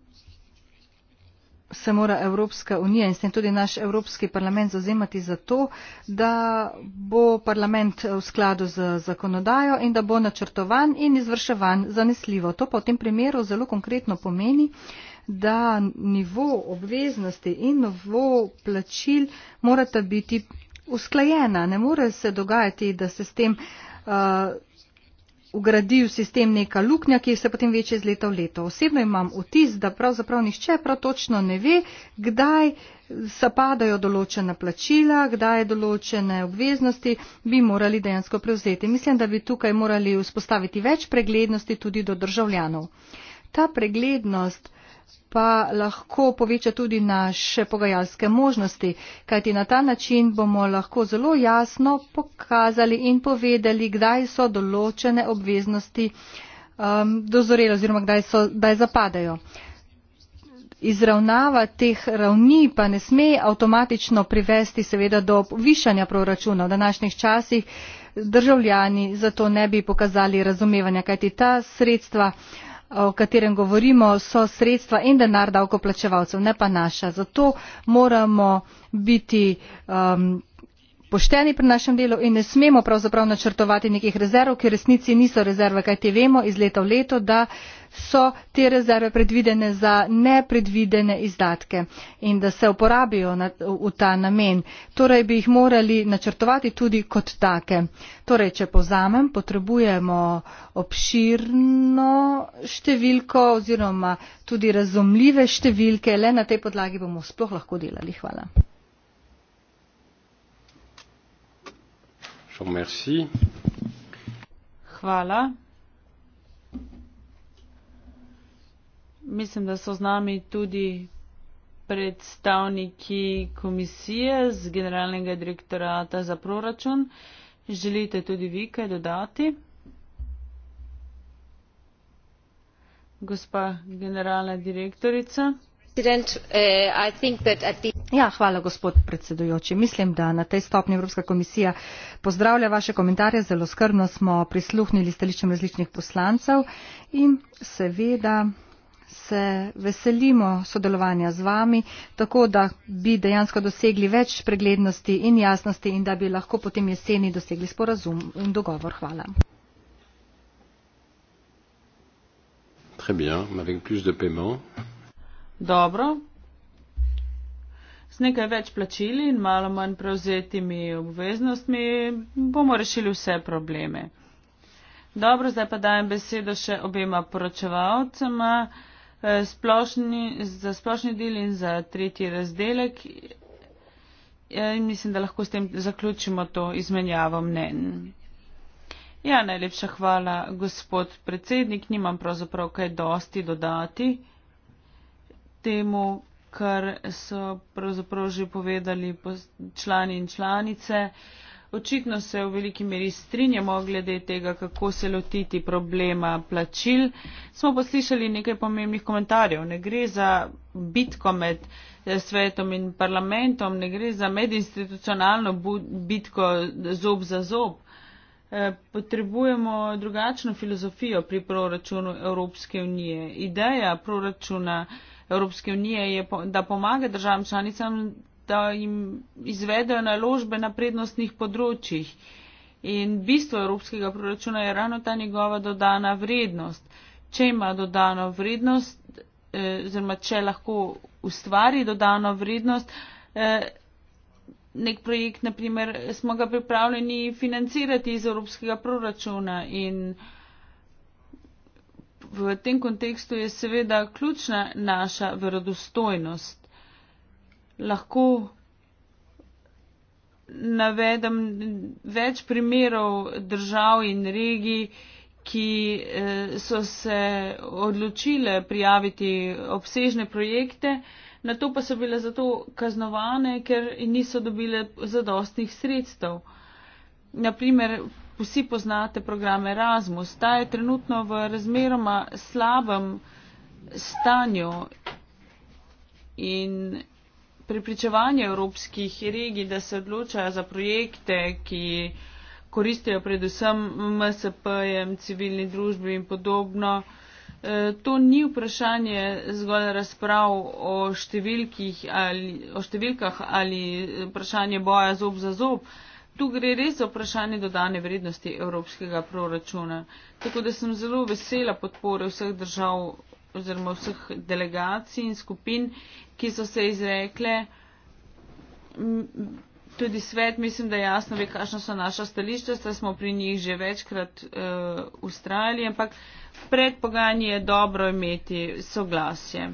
Speaker 3: se mora Evropska unija in s tem tudi naš Evropski parlament zauzemati za to, da bo parlament v skladu z zakonodajo in da bo načrtovan in izvrševan zanesljivo. To pa v tem primeru zelo konkretno pomeni, da nivo obveznosti in nivo plačil morata biti usklajena. Ne more se dogajati, da se s tem. Uh, ugradi v sistem neka luknja, ki se potem veče iz leta v leto. Osebno imam vtis, da pravzaprav nihče prav točno ne ve, kdaj zapadajo določena plačila, kdaj določene obveznosti bi morali dejansko prevzeti. Mislim, da bi tukaj morali vzpostaviti več preglednosti tudi do državljanov. Ta preglednost pa lahko poveča tudi naše pogajalske možnosti, kajti na ta način bomo lahko zelo jasno pokazali in povedali, kdaj so določene obveznosti um, dozorele oziroma kdaj, so, kdaj zapadajo. Izravnava teh ravni pa ne sme avtomatično privesti seveda do višanja proračuna v današnjih časih. Državljani zato ne bi pokazali razumevanja, kajti ta sredstva o katerem govorimo so sredstva in denar davkoplačevalcev ne pa naša zato moramo biti um, pošteni pri našem delu in ne smemo pravzaprav načrtovati nekih rezerv ki v resnici niso rezerve kajti vemo iz leta v leto da so te rezerve predvidene za nepredvidene izdatke in da se uporabijo na, v ta namen torej bi jih morali načrtovati tudi kot take torej če povzamem potrebujemo obširno številko oziroma tudi razumljive številke le na tej podlagi bomo sploh lahko delali hvala
Speaker 2: Hvala. Mislim, da so z nami tudi predstavniki komisije z generalnega direktorata za proračun. Želite tudi vi kaj dodati? Gospa generalna direktorica.
Speaker 3: Eh, ja, mislim da na tej stopnji evropska komisija pozdravlja vaše komentarje zelo skrbno smo prisluhnili stališčem različnih poslancev in seveda se veselimo sodelovanja z vami tako da bi dejansko dosegli več preglednosti in jasnosti in da bi lahko potem jeseni dosegli sporazum in dogovor. Hvala.
Speaker 1: Très bien, avec plus de paiement.
Speaker 2: Dobro. Z nekaj več plačili in malo manj prevzetimi obveznostmi bomo rešili vse probleme. Dobro, zdaj pa dajem besedo še obema poročevalcema eh, splošni, za splošni del in za tretji razdelek. Ja, in mislim, da lahko s tem zaključimo to izmenjavo mnen. Ja, najlepša hvala, gospod predsednik. Nimam pravzaprav kaj dosti dodati temu, kar so pravzaprav že povedali člani in članice. Očitno se v veliki meri strinjamo glede tega, kako se lotiti problema plačil. Smo poslišali nekaj pomembnih komentarjev. Ne gre za bitko med eh, svetom in parlamentom, ne gre za medinstitucionalno bitko zob za zob. Eh, potrebujemo drugačno filozofijo pri proračunu Evropske unije. Ideja proračuna. Evropske unije je, da pomaga državam članicam, da jim izvedejo naložbe na prednostnih področjih. In bistvo evropskega proračuna je ravno ta njegova dodana vrednost. Če ima dodano vrednost, eh, oziroma eh, če lahko ustvari dodano vrednost, eh, nek projekt, naprimer, smo ga pripravljeni financirati iz evropskega proračuna. In, eh, v tem kontekstu je seveda ključna naša verodostojnost. Lahko navedem več primerov držav in regij, ki eh, so se odločile prijaviti obsežne projekte, na to pa so bile zato kaznovane, ker niso dobile zadostnih sredstev. Naprimer, vsi poznate program Erasmus. Ta je trenutno v razmeroma slabem stanju in pripričevanje evropskih regij, da se odločajo za projekte, ki koristijo predvsem MSP-jem, civilni družbi in podobno. Eh, to ni vprašanje zgolj razprav o, ali, o številkah ali eh, vprašanje boja zob za zob tu gre res za vprašanje dodane vrednosti evropskega proračuna. Tako da sem zelo vesela podpore vseh držav oziroma vseh delegacij in skupin, ki so se izrekle. Tudi svet, mislim, da jasno ve, kakšno so naša stališča, saj smo pri njih že večkrat uh, eh, ustrajali, ampak predpogajanje je dobro imeti soglasje.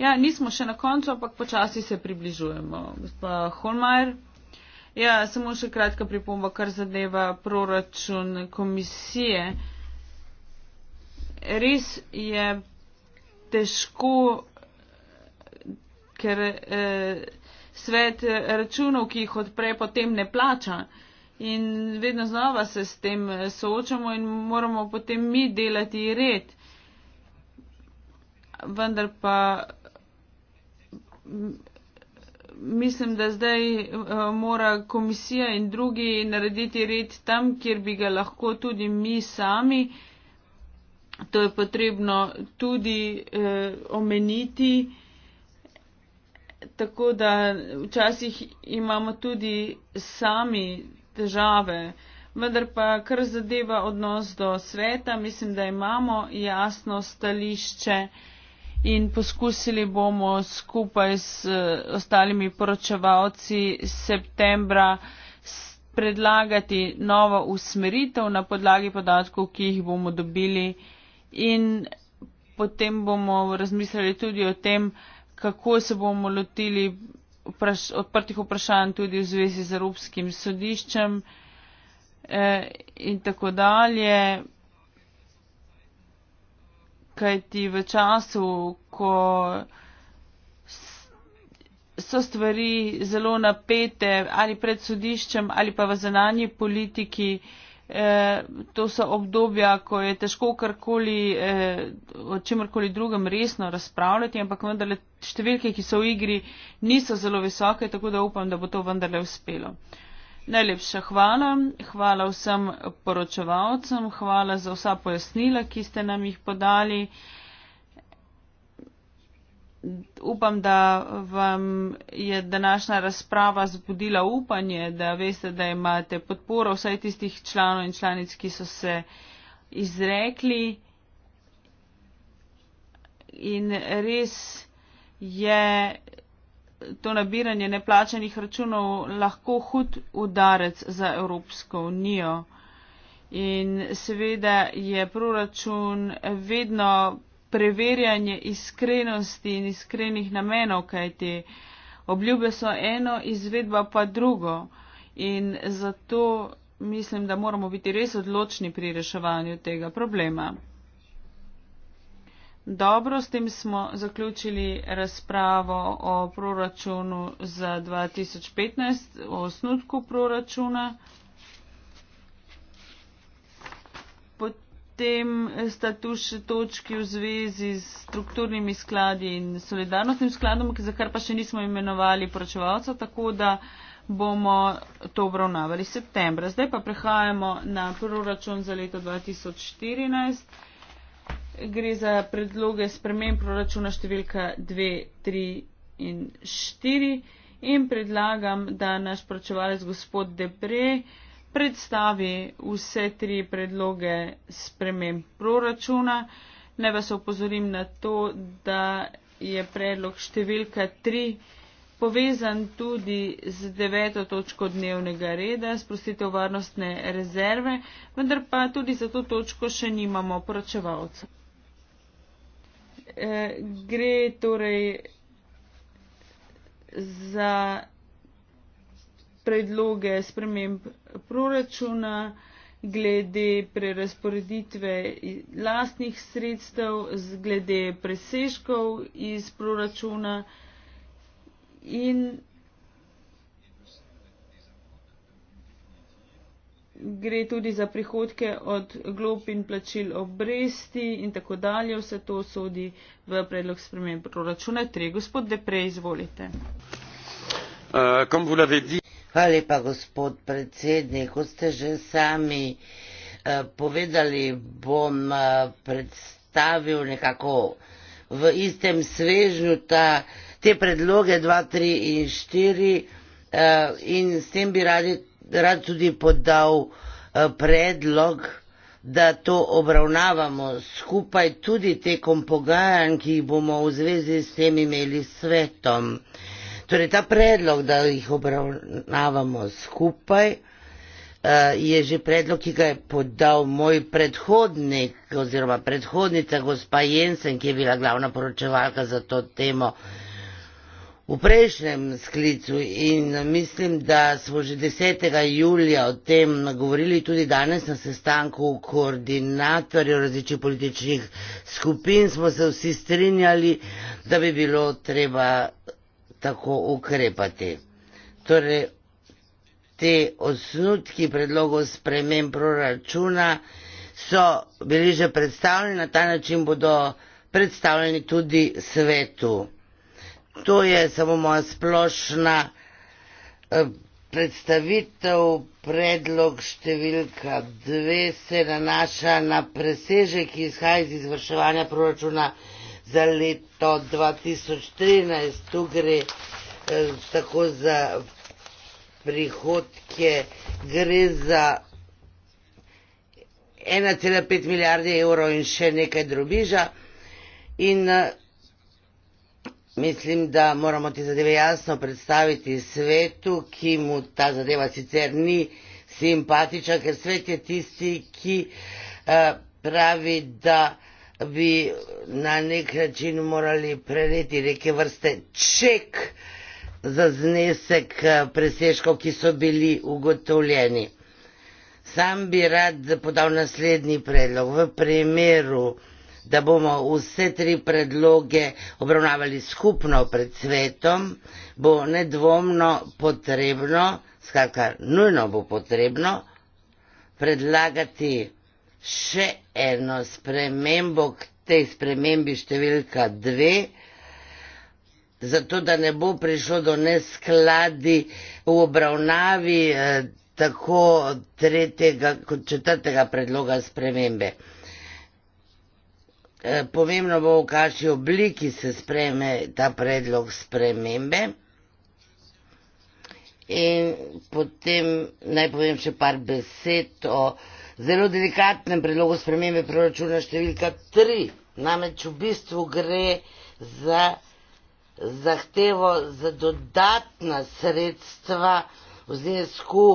Speaker 2: Ja, nismo še na koncu, ampak počasi se približujemo. Gospa Holmajer. Ja, samo še kratka pripomba, kar zadeva proračun komisije. Res je težko, ker eh, svet računov, ki jih odpre, potem ne plača. In vedno znova se s tem eh, soočamo in moramo potem mi delati red. Vendar pa mislim, da zdaj eh, mora komisija in drugi narediti red tam, kjer bi ga lahko tudi mi sami. To je potrebno tudi eh, omeniti. Tako da včasih imamo tudi sami težave, vendar pa kar zadeva odnos do sveta, mislim, da imamo jasno stališče. Eh, in poskusili bomo skupaj s eh, ostalimi poročevalci septembra predlagati novo usmeritev na podlagi podatkov, ki jih bomo dobili in potem bomo razmislili tudi o tem, kako se bomo lotili vpraš odprtih vprašanj tudi v zvezi z Evropskim sodiščem eh, in tako dalje kaj ti v času, ko so stvari zelo napete ali pred sodiščem ali pa v zananji politiki, eh, to so obdobja, ko je težko karkoli, eh, o čemkoli drugem resno razpravljati, ampak vendarle številke, ki so v igri, niso zelo visoke, tako da upam, da bo to vendarle uspelo. Najlepša hvala, hvala vsem poročevalcem, hvala za vsa pojasnila, ki ste nam jih podali. Upam, da vam je današnja razprava zbudila upanje, da veste, da imate podporo vsaj tistih članov in članic, ki so se izrekli. In res je to nabiranje neplačanih računov lahko hud udarec za Evropsko unijo. In seveda je proračun vedno preverjanje iskrenosti in iskrenih namenov, kajti obljube so eno, izvedba pa drugo. In zato mislim, da moramo biti res odločni pri reševanju tega problema. Dobro, s tem smo zaključili razpravo o proračunu za 2015, o osnutku proračuna. Potem sta tu še točki v zvezi s strukturnimi skladi in solidarnostnim skladom, za kar pa še nismo imenovali poročevalca, tako da bomo to obravnavali septembra. Zdaj pa prehajamo na proračun za leto 2014 gre za predloge spremen proračuna številka 2, 3 in 4 in predlagam, da naš pročevalec gospod Depre predstavi vse tri predloge spremen proračuna. Ne vas opozorim na to, da je predlog številka 3 povezan tudi z deveto točko dnevnega reda, sprostitev varnostne rezerve, vendar pa tudi za to točko še nimamo poročevalcev. Eh, gre torej za predloge sprememb proračuna glede prerasporeditve lastnih sredstev, glede presežkov iz proračuna in gre tudi za prihodke od glob in plačil obresti in tako dalje. Vse to sodi v predlog spremen proračuna. Tri, gospod Depre, izvolite.
Speaker 1: Uh, Hvala lepa, gospod predsednik. Kot ste že sami uh, povedali, bom uh, predstavil nekako v istem svežnju ta, te predloge 2, 3 in 4 uh, in s tem bi radi rad tudi podal eh, predlog, da to obravnavamo skupaj tudi tekom pogajanj, ki jih bomo v zvezi s tem imeli svetom. Torej, ta predlog, da jih obravnavamo skupaj, eh, je že predlog, ki ga je podal moj predhodnik oziroma predhodnica gospa Jensen, ki je bila glavna poročevalka za to temo v prejšnjem sklicu in mislim, da smo že 10. julija o tem govorili tudi danes na sestanku koordinatorjev različnih političnih skupin, smo se vsi strinjali, da bi bilo treba tako ukrepati. Torej, te osnutki predlogov sprememb proračuna so bili že predstavljeni, na ta način bodo predstavljeni tudi svetu. To je samo moja splošna eh, predstavitev, predlog številka dve se nanaša na presežek, ki izhaja iz izvrševanja proračuna za leto 2013. Tu gre eh, tako za prihodke, gre za 1,5 milijarde evrov in še nekaj drobiža. In eh, Mislim, da moramo te zadeve jasno predstaviti svetu, ki mu ta zadeva sicer ni simpatična, ker svet je tisti, ki eh, pravi, da bi na nek način morali preleti neke vrste ček za znesek eh, presežkov, ki so bili ugotovljeni. Sam bi rad podal naslednji predlog. V primeru da bomo vse tri predloge obravnavali skupno pred svetom, bo nedvomno potrebno, skratka nujno bo potrebno, predlagati še eno spremembo k tej spremembi številka dve, zato da ne bo prišlo do neskladi v obravnavi eh, tako tretjega kot četrtega predloga spremembe. Eh, pomembno bo, v kakšni obliki se sprejme ta predlog spremembe. In potem naj povem še par besed o zelo delikatnem predlogu spremembe proračuna številka 3. Namreč v bistvu gre za zahtevo za dodatna sredstva v znesku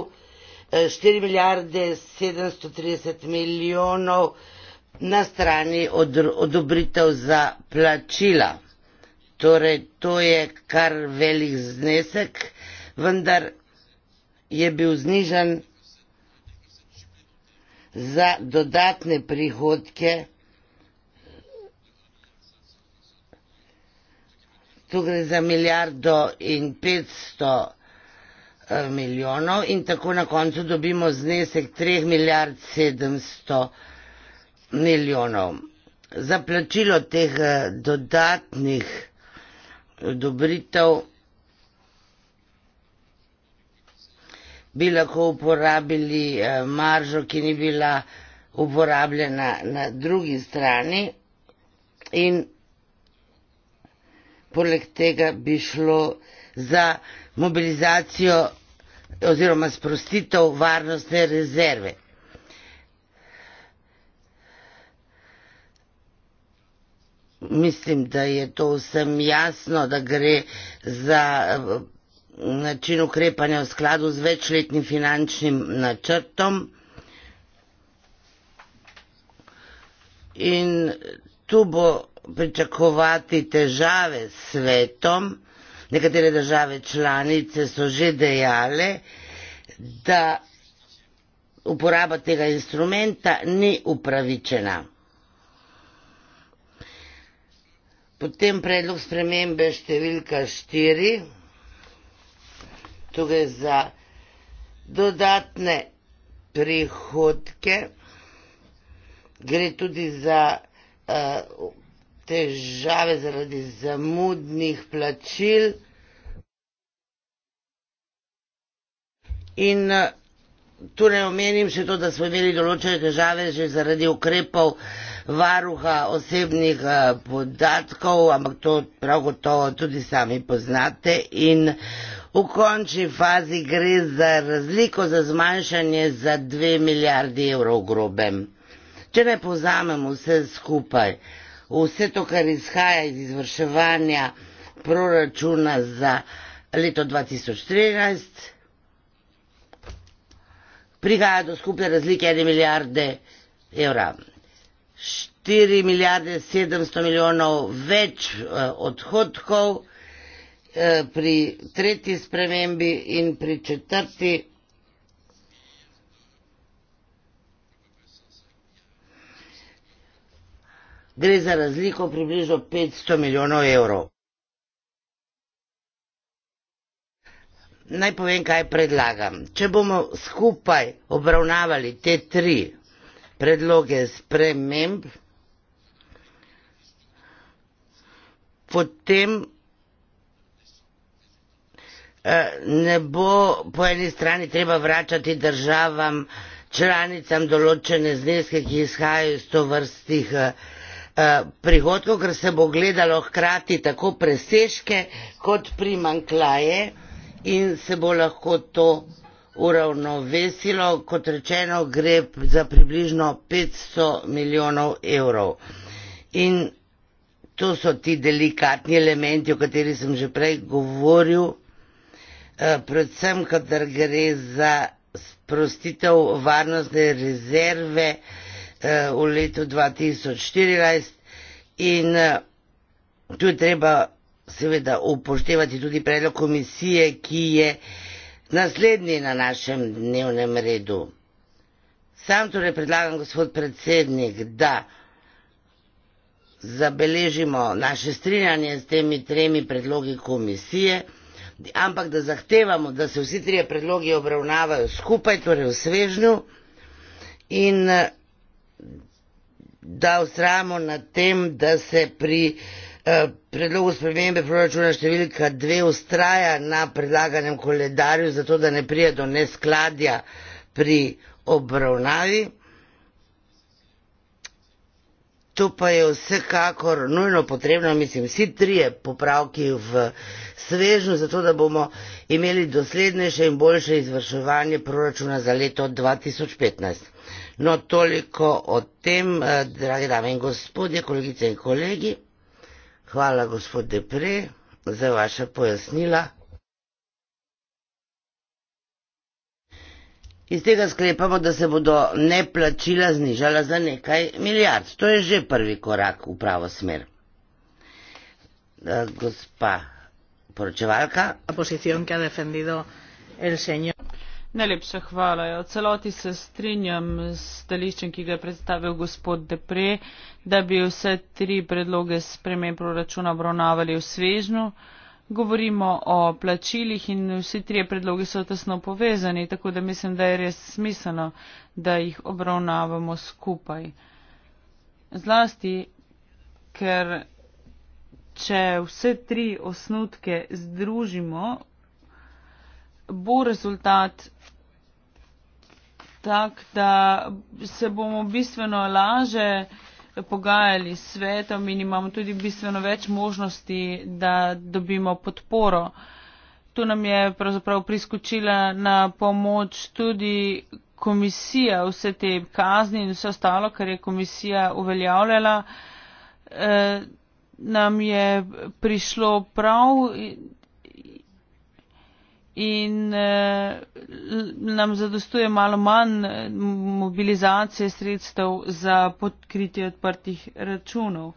Speaker 1: 4 eh, milijarde 730 milijonov na strani odobritev za plačila. Torej, to je kar velik znesek, vendar je bil znižen za dodatne prihodke. Tu gre za milijardo in petsto eh, milijonov in tako na koncu dobimo znesek treh milijard sedemsto milijonov milijonov. Za plačilo teh eh, dodatnih odobritev eh, bi lahko uporabili eh, maržo, ki ni bila uporabljena na drugi strani in poleg tega bi šlo za mobilizacijo oziroma sprostitev varnostne rezerve. mislim, da je to vsem jasno, da gre za eh, način ukrepanja v skladu z večletnim finančnim načrtom. In tu bo pričakovati težave s svetom. Nekatere države članice so že dejale, da uporaba tega instrumenta ni upravičena. Potem predlog spremembe številka 4. Tukaj za dodatne prihodke gre tudi za eh, težave zaradi zamudnih plačil. In eh, tu ne omenim še to, da smo imeli določene težave že zaradi ukrepov, varuha osebnih eh, podatkov, ampak to prav gotovo tudi sami poznate. In v končni fazi gre za razliko za zmanjšanje za dve milijardi evrov grobem. Če ne povzamem vse skupaj, vse to, kar izhaja iz izvrševanja proračuna za leto 2013, prihaja do skupne razlike 1 milijarde evra. 4 milijarde 700 milijonov več eh, odhodkov eh, pri tretji spremembi in pri četrti. Gre za razliko približno 500 milijonov evrov. Naj povem, kaj predlagam. Če bomo skupaj obravnavali te tri predloge sprememb, potem eh, ne bo po eni strani treba vračati državam, članicam določene zneske, ki izhajajo iz to vrstih eh, eh, prihodkov, ker se bo gledalo hkrati tako preseške kot primankljaje in se bo lahko to uravnovesilo, kot rečeno, gre za približno 500 milijonov evrov. In to so ti delikatni elementi, o katerih sem že prej govoril, eh, predvsem, kadar gre za sprostitev varnostne rezerve eh, v letu 2014 in eh, tu je treba seveda upoštevati tudi predlog komisije, ki je Naslednji na našem dnevnem redu. Sam torej predlagam, gospod predsednik, da zabeležimo naše strinjanje s temi tremi predlogi komisije, ampak da zahtevamo, da se vsi trije predlogi obravnavajo skupaj, torej v svežnju, in da ustrajamo na tem, da se pri Eh, predlogu spremembe proračuna številka dve ustraja na predlaganem koledarju, zato da ne prije do neskladja pri obravnavi. To pa je vsekakor nujno potrebno, mislim, vsi trije popravki v svežnju, zato da bomo imeli doslednejše in boljše izvrševanje proračuna za leto 2015. No, toliko o tem, eh, drage dame in gospodje, kolegice in kolegi. Hvala, gospod Depre, za vaše pojasnila. Iz tega sklepamo, da se bodo neplačila znižala za nekaj milijard. To je že prvi korak v pravo smer. Gospa poročevalka. Opozicijo, ki je defendido
Speaker 2: el senjor. Najlepša hvala. V celoti se strinjam s stališčem, ki ga je predstavil gospod Depre, da bi vse tri predloge spremen proračuna obravnavali v svežnu. Govorimo o plačilih in vsi tri predlogi so tesno povezani, tako da mislim, da je res smiselno, da jih obravnavamo skupaj. Zlasti, ker. Če vse tri osnutke združimo bo rezultat tak, da se bomo bistveno laže pogajali s svetom in imamo tudi bistveno več možnosti, da dobimo podporo. Tu nam je pravzaprav priskočila na pomoč tudi komisija, vse te kazni in vse ostalo, kar je komisija uveljavljala, eh, nam je prišlo prav in eh, nam zadostuje malo manj eh, mobilizacije sredstev za podkritje odprtih računov.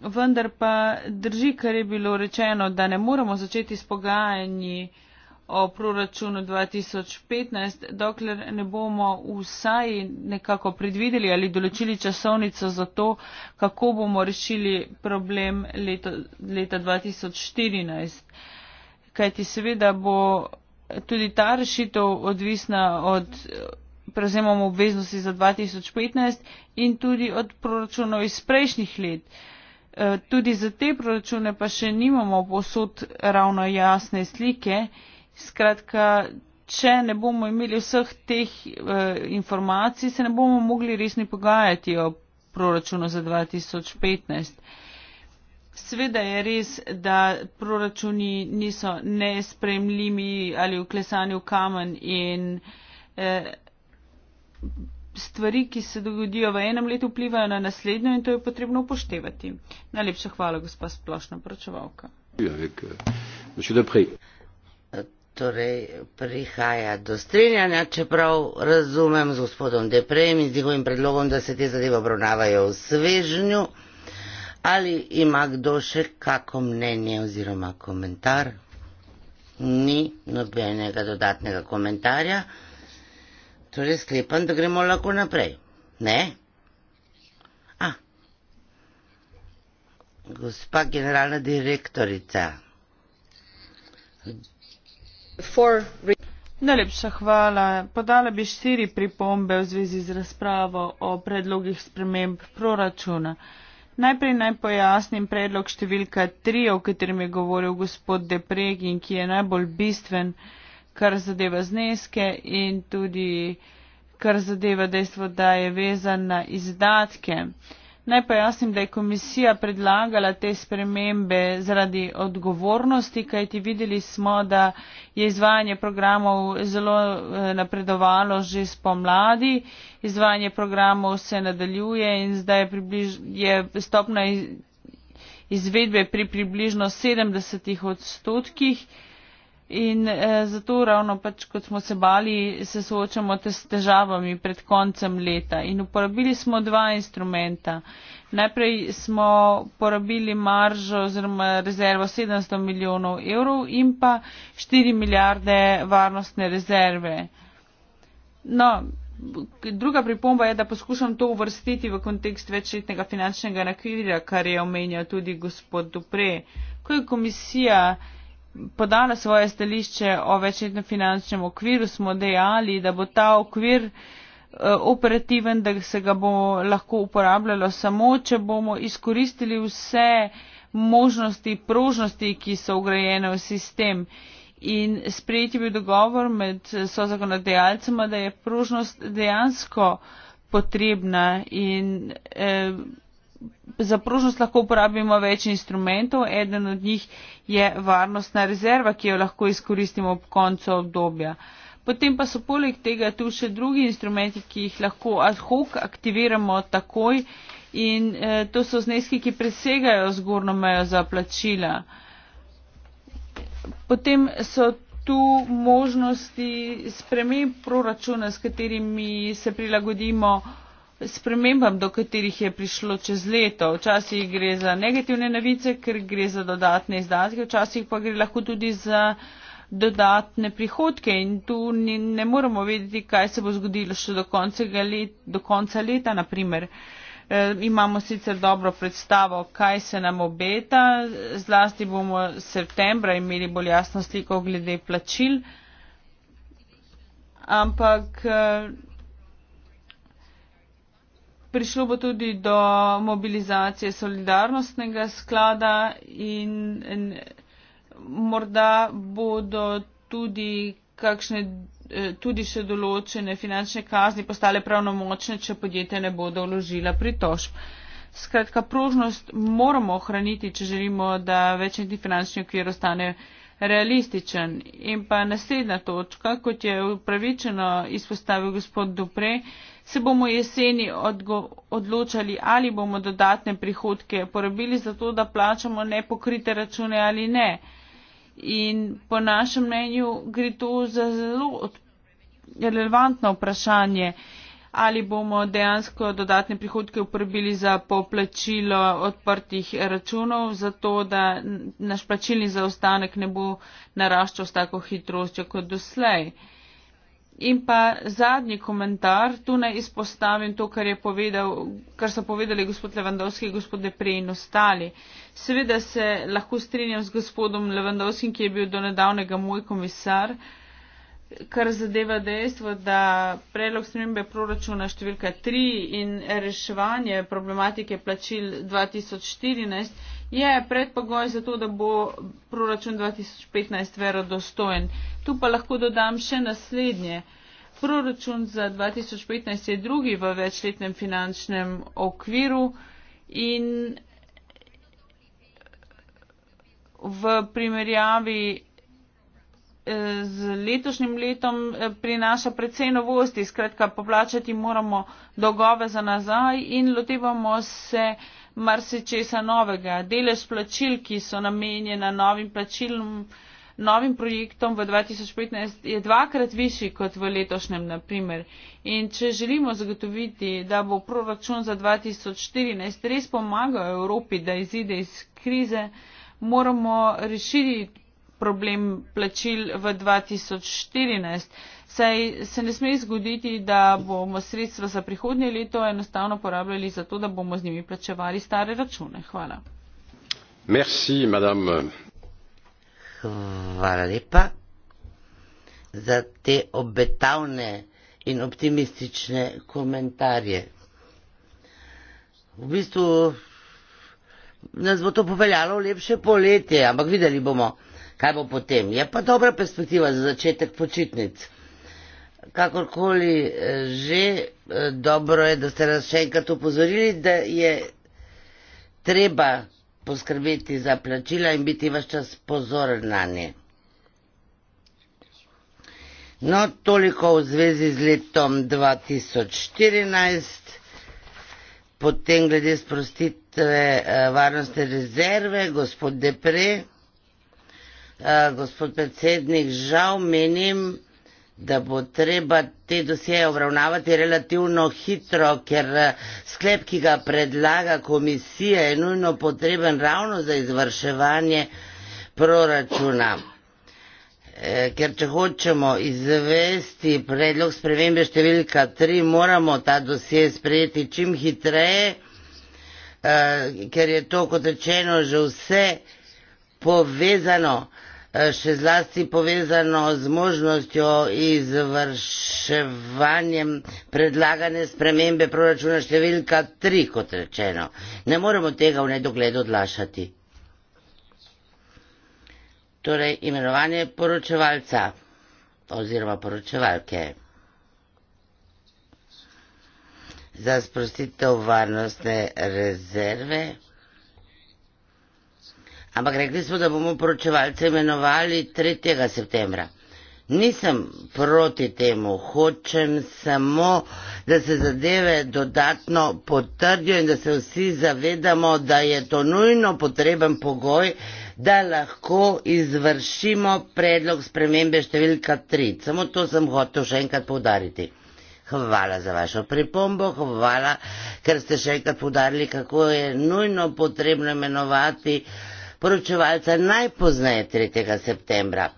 Speaker 2: Vendar pa drži, kar je bilo rečeno, da ne moramo začeti s pogajanji o proračunu 2015, dokler ne bomo vsaj nekako predvideli ali določili časovnico za to, kako bomo rešili problem leto, leta 2014 kajti seveda bo tudi ta rešitev odvisna od prevzemom obveznosti za 2015 in tudi od proračunov iz prejšnjih let. E, tudi za te proračune pa še nimamo posod ravno jasne slike. Skratka, če ne bomo imeli vseh teh e, informacij, se ne bomo mogli resni pogajati o proračunu za 2015. Sveda je res, da proračuni niso nespremljivi ali vklesani v kamen in eh, stvari, ki se dogodijo v enem letu, vplivajo na naslednjo in to je potrebno upoštevati. Najlepša hvala, gospa
Speaker 1: splošna pračevalka.
Speaker 3: Ja, euh, eh,
Speaker 1: torej, prihaja do strinjanja, čeprav razumem z gospodom Deprejem in z njegovim predlogom, da se te zadeve obravnavajo v svežnju. Ali ima kdo še kako mnenje oziroma komentar? Ni nobenega dodatnega komentarja. Torej sklepam, da gremo lahko naprej. Ne? A. Gospa generalna direktorica.
Speaker 3: For...
Speaker 2: Najlepša hvala. Podala bi štiri pripombe v zvezi z razpravo o predlogih sprememb proračuna. Najprej naj pojasnim predlog številka 3, o katerem je govoril gospod Depreg in ki je najbolj bistven, kar zadeva zneske in tudi kar zadeva dejstvo, da je vezan na izdatke. Uh, Naj pojasnim, da je komisija predlagala te spremembe zaradi odgovornosti, kajti videli smo, da je izvajanje programov zelo eh, napredovalo že spomladi, izvajanje programov se nadaljuje in zdaj je, približ, je stopna izvedbe pri približno 70 odstotkih. In eh, zato ravno pač, kot smo se bali, se soočamo te s težavami pred koncem leta. In uporabili smo dva instrumenta. Najprej smo porabili maržo oziroma rezervo 700 milijonov evrov in pa 4 milijarde varnostne rezerve. No, druga pripomba je, da poskušam to uvrstiti v kontekst večletnega finančnega nakvirja, kar je omenjal tudi gospod Dupre. Ko je komisija podala svoje stališče o večletnem finančnem okviru, smo dejali, da bo ta okvir eh, operativen, da se ga bo lahko uporabljalo samo, če bomo izkoristili vse možnosti, prožnosti, ki so ugrajene v sistem. In sprejeti je bil dogovor med so zakonodajalcema, da je prožnost dejansko potrebna in eh, za prožnost lahko uporabimo več instrumentov. Eden od njih je varnostna rezerva, ki jo lahko izkoristimo ob koncu obdobja. Potem pa so poleg tega tu še drugi instrumenti, ki jih lahko ad hoc aktiviramo takoj in eh, to so zneski, ki presegajo zgornjo mejo za plačila. Potem so tu možnosti sprememb proračuna, s katerimi se prilagodimo eh, spremembam, do katerih je prišlo čez leto. Včasih gre za negativne novice, ker gre za dodatne izdatke, včasih pa gre lahko tudi za dodatne prihodke in tu ni, ne moremo vedeti, kaj se bo zgodilo še do konca, let, do konca leta. Naprimer. E, imamo sicer dobro predstavo, kaj se nam obeta, zlasti bomo septembra imeli bolj jasno sliko glede plačil, ampak e, Prišlo bo tudi do mobilizacije solidarnostnega sklada in, in morda bodo tudi, kakšne, eh, tudi še določene finančne kazni postale pravnomočne, če podjetja ne bodo vložila pritožb. Skratka, prožnost moramo ohraniti, če želimo, da večni finančni okvir ostane realističen. In pa naslednja točka, kot je upravičeno izpostavil gospod Duprej, se bomo jeseni odločali, ali bomo dodatne prihodke porabili za to, da plačamo nepokrite račune ali ne. In po našem mnenju gre to za zelo relevantno vprašanje, ali bomo dejansko dodatne prihodke uporabili za poplačilo odprtih računov, zato da naš plačilni zaostanek ne bo naraščal s tako hitrostjo kot doslej. In pa zadnji komentar, tu naj izpostavim to, kar, povedal, kar so povedali gospod Levandovski, gospod Deprej in ostali. Seveda se lahko strinjam z gospodom Levandovskim, ki je bil do nedavnega moj komisar, kar zadeva dejstvo, da predlog spremembe proračuna številka 3 in reševanje problematike plačil 2014 je predpogoj za to, da bo proračun 2015 verodostojen. Tu pa lahko dodam še naslednje. Proračun za 2015 je drugi v večletnem finančnem okviru in v primerjavi eh, z letošnjim letom eh, prinaša precej novosti. Skratka, poplačati moramo dolgove za nazaj in lotevamo se marsičesa novega. Delež plačil, ki so namenjena novim plačilom, novim projektom v 2015 je dvakrat višji kot v letošnjem, naprimer. In če želimo zagotoviti, da bo proračun za 2014 res pomagal Evropi, da izide iz krize, moramo rešiti problem plačil v 2014. Saj se ne sme zgoditi, da bomo sredstva za prihodnje leto enostavno porabljali za to, da bomo z njimi plačevali stare račune. Hvala.
Speaker 3: Merci,
Speaker 1: madame hvala lepa za te obetavne in optimistične komentarje. V bistvu nas bo to popeljalo v lepše poletje, ampak videli bomo, kaj bo potem. Je pa dobra perspektiva za začetek počitnic. Kakorkoli eh, že, eh, dobro je, da ste nas še enkrat upozorili, da je treba poskrbeti za plačila in biti vaš čas pozoren na nje. No, toliko v zvezi z letom 2014, potem glede sprostitve eh, varnostne rezerve, gospod Depre, eh, gospod predsednik, žal menim, da bo treba te dosjeje obravnavati relativno hitro, ker eh, sklep, ki ga predlaga komisija, je nujno potreben ravno za izvrševanje proračuna. Eh, ker če hočemo izvesti predlog spremembe številka 3, moramo ta dosje sprejeti čim hitreje, eh, ker je to, kot rečeno, že vse povezano. Eh, še zlasti povezano z možnostjo izvrševanjem predlagane spremembe proračuna številka tri, kot rečeno. Ne moremo tega v nedogled odlašati. Torej, imenovanje poročevalca oziroma poročevalke. Za sprostitev varnostne rezerve Ampak rekli smo, da bomo poročevalce imenovali 3. septembra. Nisem proti temu, hočem samo, da se zadeve dodatno potrdijo in da se vsi zavedamo, da je to nujno potreben pogoj, da lahko izvršimo predlog spremembe številka 3. Samo to sem hotel še enkrat povdariti. Hvala za vašo pripombo, hvala, ker ste še enkrat povdarili, kako je nujno potrebno imenovati poročevalca najpozneje 3. septembra.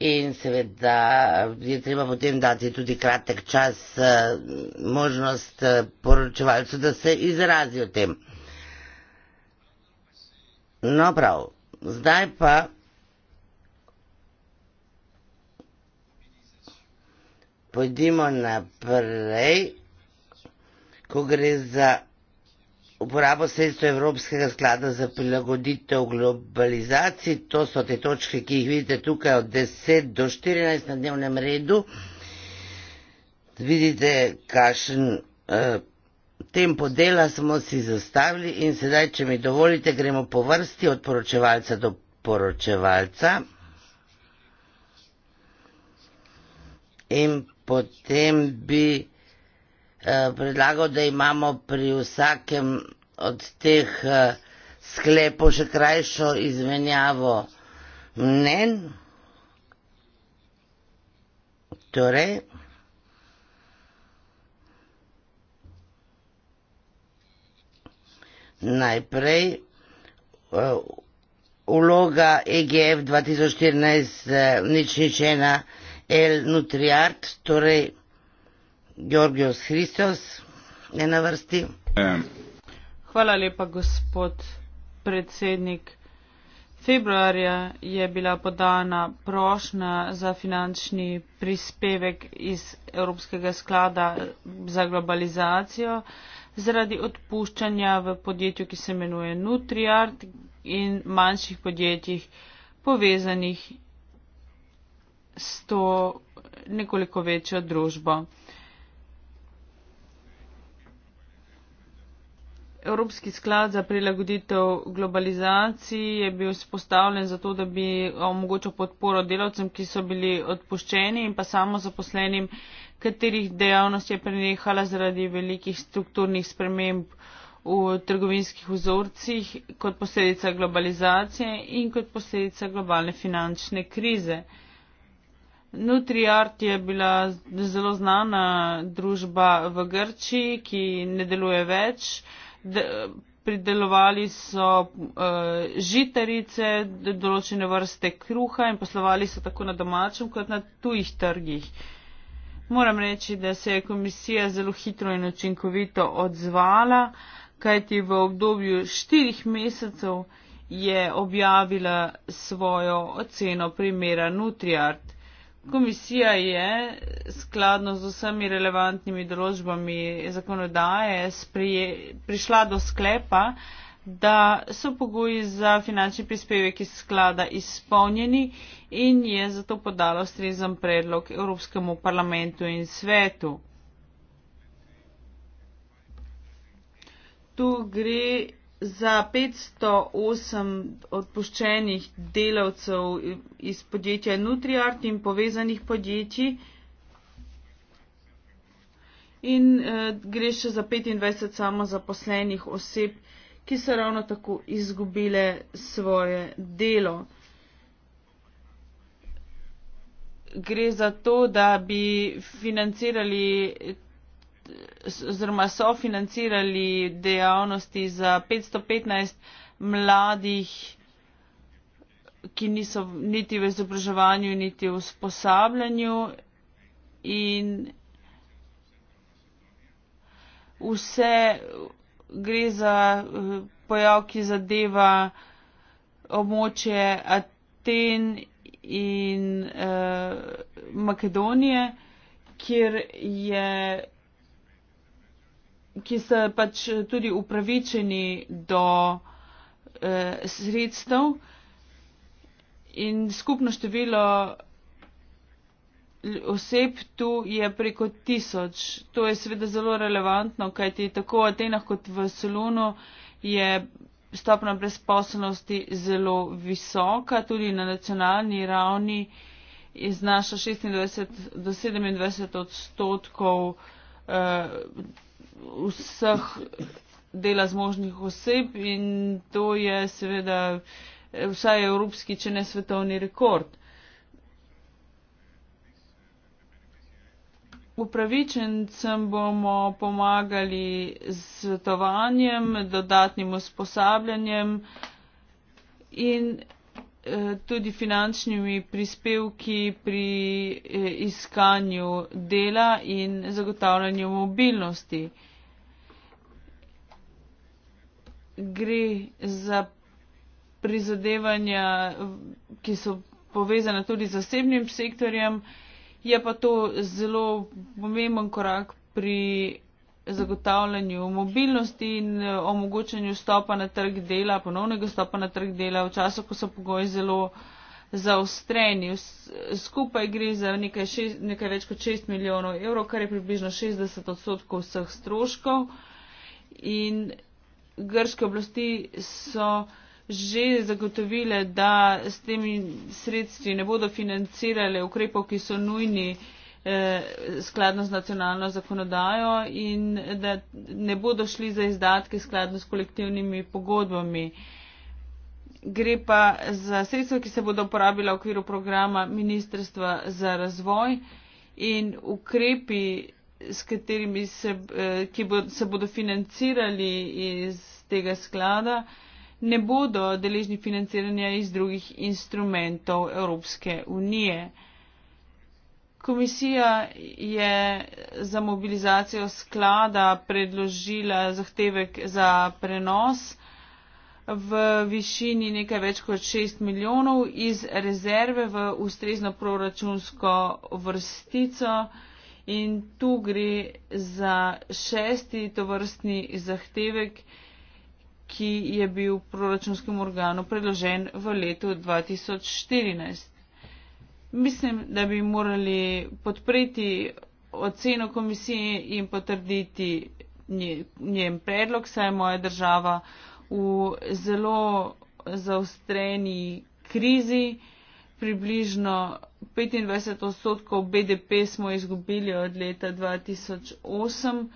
Speaker 1: In seveda je treba potem dati tudi kratek čas, eh, možnost eh, poročevalcu, da se izrazi o tem. No prav, zdaj pa. Pojdimo naprej, ko gre za uporabo sredstva Evropskega sklada za prilagoditev globalizaciji. To so te točke, ki jih vidite tukaj od 10 do 14 na dnevnem redu. Vidite, kakšen eh, tempo dela smo si zastavili in sedaj, če mi dovolite, gremo po vrsti od poročevalca do poročevalca. In potem bi. Eh, predlagal, da imamo pri vsakem od teh eh, sklepov še krajšo izmenjavo mnen. Torej, najprej uloga EGF 2014 nič nič ena L Nutriart, torej Georgios Hristos je na vrsti.
Speaker 2: Hvala lepa, gospod predsednik. Februarja je bila podana prošnja za finančni prispevek iz Evropskega sklada za globalizacijo zaradi odpuščanja v podjetju, ki se imenuje Nutriart in manjših podjetjih povezanih s to nekoliko večjo družbo. Evropski sklad za prilagoditev globalizaciji je bil spostavljen zato, da bi omogočil podporo delavcem, ki so bili odpuščeni in pa samo zaposlenim, katerih dejavnost je prenehala zaradi velikih strukturnih sprememb v trgovinskih vzorcih kot posledica globalizacije in kot posledica globalne finančne krize. NutriArt je bila zelo znana družba v Grčiji, ki ne deluje več pridelovali so uh, žitarice, določene vrste kruha in poslovali so tako na domačem kot na tujih trgih. Moram reči, da se je komisija zelo hitro in učinkovito odzvala, kajti v obdobju štirih mesecev je objavila svojo oceno primera Nutriart. Komisija je skladno z vsemi relevantnimi določbami zakonodaje sprije, prišla do sklepa, da so pogoji za finančni prispevek iz sklada izpolnjeni in je zato podalo strezen predlog Evropskemu parlamentu in svetu. Tu gre za 508 odpuščenih delavcev iz podjetja Nutriart in povezanih podjetij. In eh, gre še za 25 samozaposlenih oseb, ki so ravno tako izgubile svoje delo. Gre za to, da bi financirali oziroma so financirali dejavnosti za 515 mladih, ki niso niti v izobraževanju, niti v usposabljanju. In vse gre za eh, pojav, ki zadeva območje Aten in uh, Makedonije, kjer je ki so pač tudi upravičeni do eh, sredstev in skupno število oseb tu je preko tisoč. To je seveda zelo relevantno, kajti tako v Atenah kot v Solunu je stopna brezposobnosti zelo visoka, tudi na nacionalni ravni je znaša 26 do 27 odstotkov. Eh, vseh dela zmožnih oseb in to je seveda vsaj evropski, če ne svetovni rekord. Upravičencem bomo pomagali s svetovanjem, dodatnim usposabljanjem in eh, tudi finančnimi prispevki pri eh, iskanju dela in zagotavljanju mobilnosti. gre za prizadevanja, ki so povezane tudi z zasebnim sektorjem, je pa to zelo pomemben korak pri zagotavljanju mobilnosti in eh, omogočanju stopa na trg dela, ponovnega stopa na trg dela v času, ko so pogoji zelo zaostreni. Skupaj gre za nekaj, šest, nekaj več kot 6 milijonov evrov, kar je približno 60 odstotkov vseh stroškov. In grške oblasti so že zagotovile, da s temi sredstvi ne bodo financirale ukrepov, ki so nujni eh, skladno z nacionalno zakonodajo in da ne bodo šli za izdatke skladno s kolektivnimi pogodbami. Gre pa za sredstva, ki se bodo uporabila v okviru programa Ministrstva za razvoj in ukrepi s katerimi se, eh, ki bo, se bodo financirali iz tega sklada, ne bodo deležni financiranja iz drugih instrumentov Evropske unije. Komisija je za mobilizacijo sklada predložila zahtevek za prenos v višini nekaj več kot 6 milijonov iz rezerve v ustrezno proračunsko vrstico, in tu gre za šesti tovrstni zahtevek, ki je bil proračunskem organu predložen v letu 2014. Mislim, da bi morali podpreti oceno komisije in potrditi njen predlog, saj je moja država v zelo zaostreni krizi približno 25 odstotkov BDP smo izgubili od leta 2008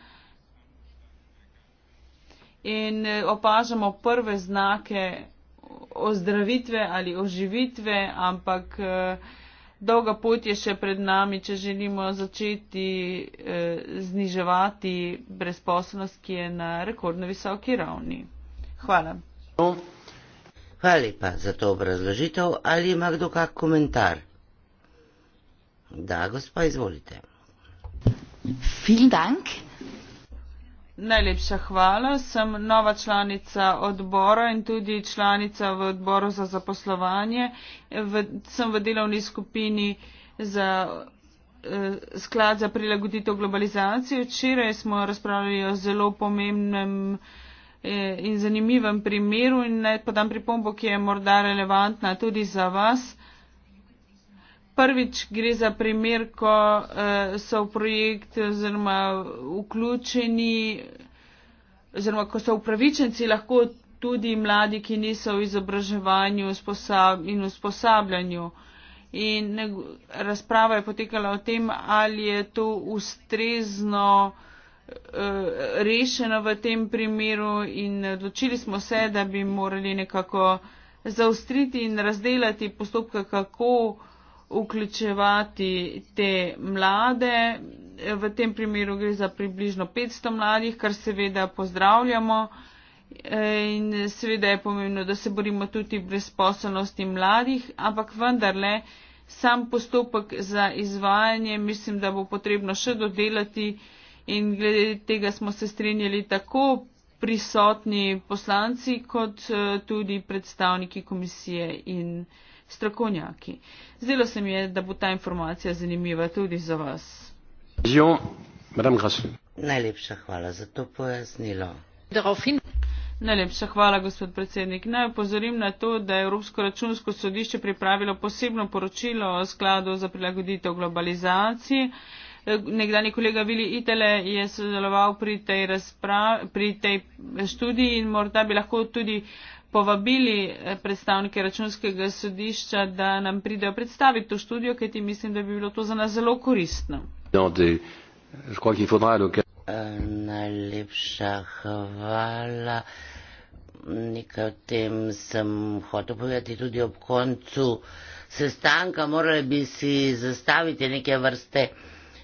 Speaker 2: in eh, opažamo prve znake ozdravitve ali oživitve, ampak eh, dolga pot je še pred nami, če želimo začeti eh, zniževati brezposobnost, ki je na rekordno visoki ravni. Hvala.
Speaker 1: No. Hvala lepa za to obrazložitev. Ali ima kdo kak komentar? Da, gospa,
Speaker 4: izvolite. Vielen Dank.
Speaker 2: Najlepša hvala. Sem nova članica odbora in tudi članica v odboru za zaposlovanje. V, sem v delovni skupini za eh, sklad za prilagoditev globalizacije. Včeraj smo razpravljali o zelo pomembnem eh, Eh, in zanimivem primeru in naj podam pripombo, ki je morda relevantna tudi za vas. Prvič gre za primer, ko eh, so v projekt oziroma vključeni oziroma ko so upravičenci lahko tudi mladi, ki niso v izobraževanju in usposabljanju. In razprava je potekala o tem, ali je to ustrezno Eh, rešena v tem primeru in odločili smo se, da bi morali nekako zaustriti in razdelati postopke, kako vključevati te mlade. V tem primeru gre za približno 500 mladih, kar seveda pozdravljamo. In seveda je pomembno, da se borimo tudi brezposobnosti mladih, ampak vendarle sam postopek za izvajanje mislim, da bo potrebno še dodelati in glede tega smo se strinjali tako prisotni poslanci kot eh, tudi predstavniki komisije in strokovnjaki. Zdelo se mi je, da bo ta informacija zanimiva tudi za vas.
Speaker 1: Najlepša hvala za to pojasnilo.
Speaker 2: Najlepša hvala, gospod predsednik. Naj opozorim na to, da je Evropsko računsko sodišče pripravilo posebno poročilo o skladu za prilagoditev globalizaciji nekdani kolega Vili Itele je sodeloval pri tej, pri tej študiji in morda bi lahko tudi povabili eh, predstavnike računskega sodišča, da nam pridejo predstaviti to študijo, kajti mislim, da bi bilo to za nas zelo koristno.
Speaker 1: No, eh, najlepša hvala. Nekaj o tem sem hotel povedati tudi ob koncu sestanka. Morali bi si zastaviti neke vrste uh,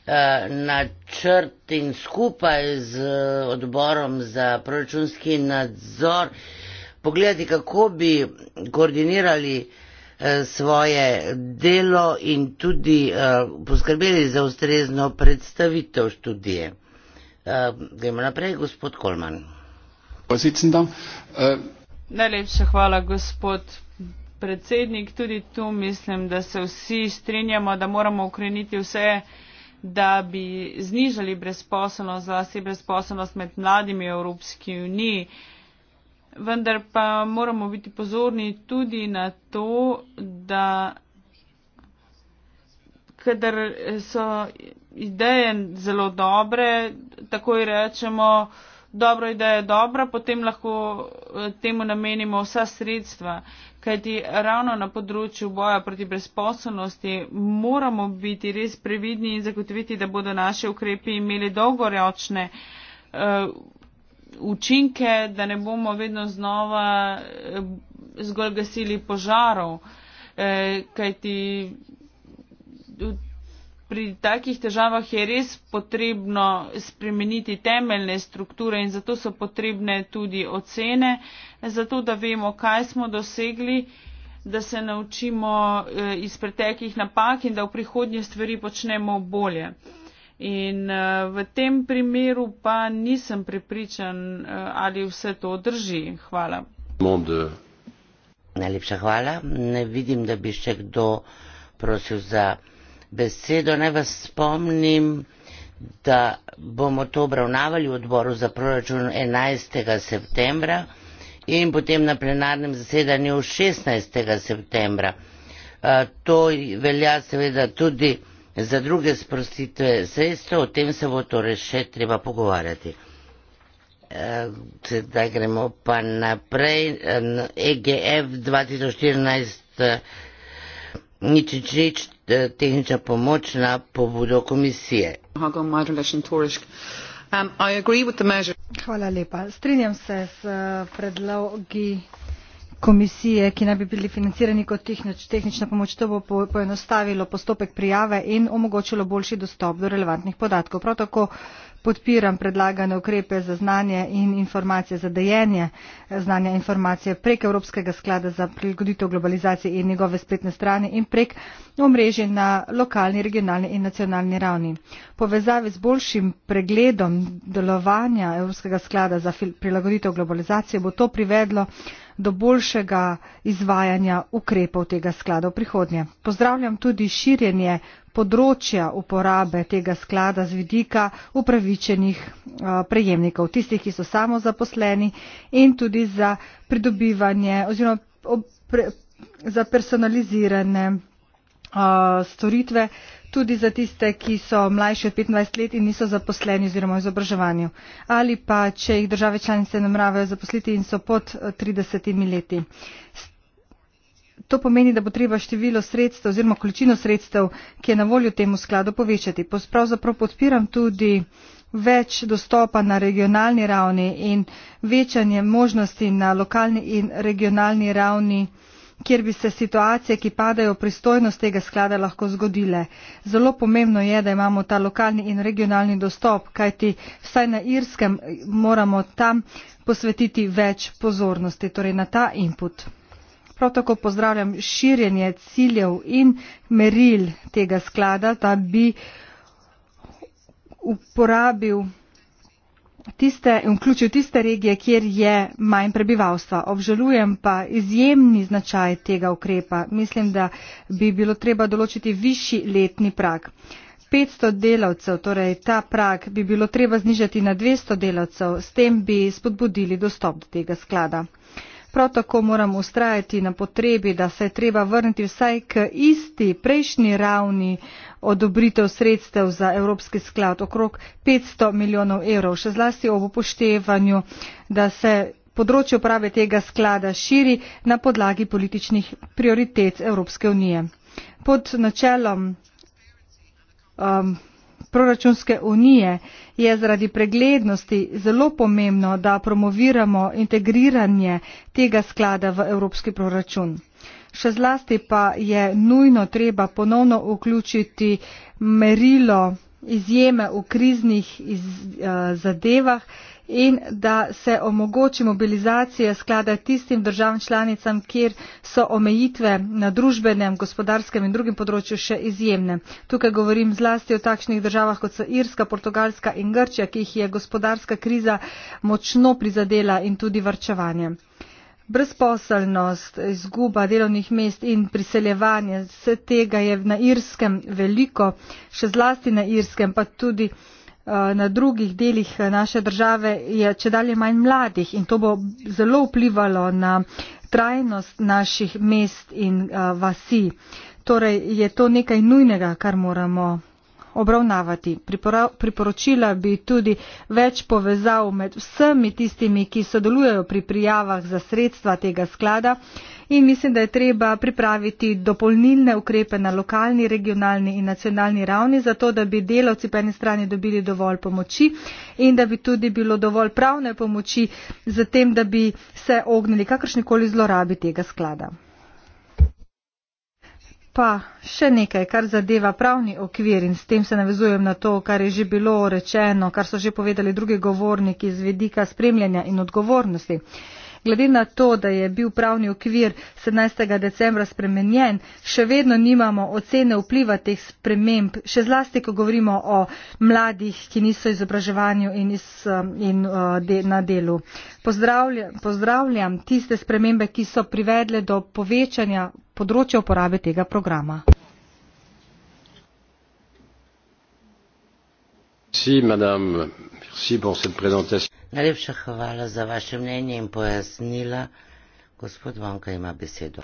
Speaker 1: Eh, načrt in skupaj z odborom za proračunski nadzor pogledati, kako bi koordinirali eh, svoje delo in tudi eh, poskrbeli za ustrezno predstavitev študije. Gremo naprej, gospod Kolman.
Speaker 2: Najlepša hvala, gospod predsednik. Tudi tu mislim, da se vsi strinjamo, da moramo ukreniti vse da bi znižali brezposobnost, zlasti brezposobnost med mladimi v Evropski uniji. Vendar pa moramo biti pozorni tudi na to, da kadar so ideje zelo dobre, takoj rečemo, dobro ideja je dobra, potem lahko eh, temu namenimo vsa sredstva kajti ravno na področju boja proti brezposobnosti moramo biti res previdni in zagotoviti, da bodo naše ukrepi imeli dolgoročne eh, učinke, da ne bomo vedno znova eh, zgolj gasili požarov, eh, kajti pri takih težavah je res potrebno spremeniti temeljne strukture in zato so potrebne tudi ocene, zato da vemo, kaj smo dosegli, da se naučimo eh, iz preteklih napak in da v prihodnje stvari počnemo bolje. In eh, v tem primeru pa nisem prepričan, eh, ali vse to drži. Hvala.
Speaker 1: Monde. Najlepša hvala. Ne vidim, da bi še kdo prosil za besedo. Naj vas spomnim, da bomo to obravnavali v odboru za proračun 11. septembra in potem na plenarnem zasedanju 16. septembra. To velja seveda tudi za druge sprostitve sredstva, o tem se bo torej še treba pogovarjati. Sedaj gremo pa naprej. EGF 2014 nič reči, da tehnična pomoč na pobudo
Speaker 3: komisije. Um, Hvala lepa. Strinjam se s uh, predlogi komisije, ki naj bi bili financirani kot tehnična pomoč. To bo poenostavilo postopek prijave in omogočilo boljši dostop do relevantnih podatkov. Prav tako podpiram predlagane ukrepe za znanje in informacije za dejenje znanja informacije prek Evropskega sklada za prilagoditev globalizacije in njegove spletne strani in prek omrežje na lokalni, regionalni in nacionalni ravni. Povezave z boljšim pregledom delovanja Evropskega sklada za prilagoditev globalizacije bo to privedlo do boljšega izvajanja ukrepov tega sklada v prihodnje. Pozdravljam tudi širjenje področja uporabe tega sklada z vidika upravičenih eh, prejemnikov, tistih, ki so samo zaposleni in tudi za pridobivanje oziroma za personalizirane eh, storitve, tudi za tiste, ki so mlajši od 25 let in niso zaposleni oziroma v izobraževanju. Ali pa, če jih države članice namravajo zaposliti in so pod 30 eh, leti to pomeni, da bo treba število sredstev oziroma količino sredstev, ki je na voljo temu skladu, povečati. Pravzaprav podpiram tudi več dostopa na regionalni ravni in večanje možnosti na lokalni in regionalni ravni kjer bi se situacije, ki padajo v pristojnost tega sklada, lahko zgodile. Zelo pomembno je, da imamo ta lokalni in regionalni dostop, kajti vsaj na Irskem eh, moramo tam posvetiti več pozornosti, torej na ta input. Prav tako pozdravljam širjenje ciljev in meril tega sklada, da bi uporabil tiste, vključil tiste regije, kjer je manj prebivalstva. Obžalujem pa izjemni značaj tega ukrepa. Mislim, da bi bilo treba določiti višji letni prak. 500 delavcev, torej ta prak bi bilo treba znižati na 200 delavcev, s tem bi spodbudili dostop do tega sklada prav tako moram ustrajati na potrebi, da se je treba vrniti vsaj k isti prejšnji ravni odobritev sredstev za Evropski sklad, okrog 500 milijonov evrov, še zlasti ob upoštevanju, da se področje uprave tega sklada širi na podlagi političnih prioritet Evropske unije. Pod načelom um, proračunske unije je zaradi preglednosti zelo pomembno, da promoviramo integriranje tega sklada v evropski proračun. Še zlasti pa je nujno treba ponovno vključiti merilo izjeme v kriznih iz, uh, zadevah, in da se omogoči mobilizacija sklada tistim državam članicam, kjer so omejitve na družbenem, gospodarskem in drugim področju še izjemne. Tukaj govorim zlasti o takšnih državah kot so Irska, Portugalska in Grčija, ki jih je gospodarska kriza močno prizadela in tudi varčevanje. Brezposelnost, izguba delovnih mest in priseljevanje, vse tega je na Irskem veliko, še zlasti na Irskem, pa tudi Eh, na drugih delih eh, naše države je če dalje manj mladih in to bo zelo vplivalo na trajnost naših mest in eh, vasi. Torej je to nekaj nujnega, kar moramo obravnavati. Priporočila bi tudi več povezav med vsemi tistimi, ki sodelujejo pri prijavah za sredstva tega sklada. Uh, in mislim, da je treba pripraviti dopolnilne ukrepe na lokalni, regionalni in nacionalni ravni, zato da bi delavci po eni strani dobili dovolj pomoči in da bi tudi bilo dovolj pravne pomoči za tem, da bi se ognili kakršnikoli zlorabi tega sklada. Pa še nekaj, kar zadeva pravni okvir in s tem se navezujem na to, kar je že bilo rečeno, kar so že povedali drugi govorniki z vedika spremljanja in odgovornosti. Uh, Glede na to, da je bil pravni okvir 17. decembra spremenjen, še vedno nimamo ocene vpliva teh sprememb, še zlasti, ko govorimo o mladih, ki niso izobraževanju in, iz, um, in uh, de, na delu. Pozdravljam, pozdravljam tiste spremembe, ki so privedle do povečanja področja uporabe tega programa.
Speaker 1: Si, madame vsi po vsej prezentaciji. Najlepša hvala za vaše mnenje in pojasnila. Gospod Vonka ima besedo.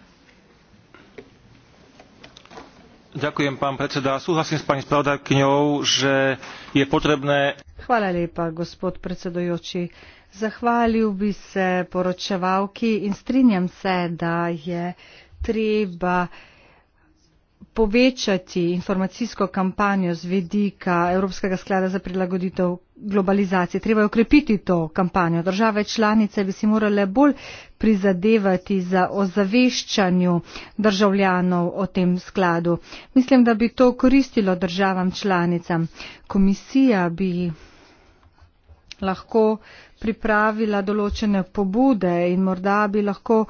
Speaker 3: Zahvaljujem, pan predseda. Suhlasim s pani spravodajkinjou, že je potrebne. Hvala lepa, gospod predsedojoči. Zahvalil bi se poročevalki in strinjam se, da je treba povečati informacijsko kampanjo z vedika Evropskega sklada za prilagoditev globalizacije. Treba je okrepiti to kampanjo. Države članice bi si morale bolj prizadevati za ozaveščanju državljanov o tem skladu. Mislim, da bi to koristilo državam članicam. Komisija bi lahko pripravila določene pobude in morda bi lahko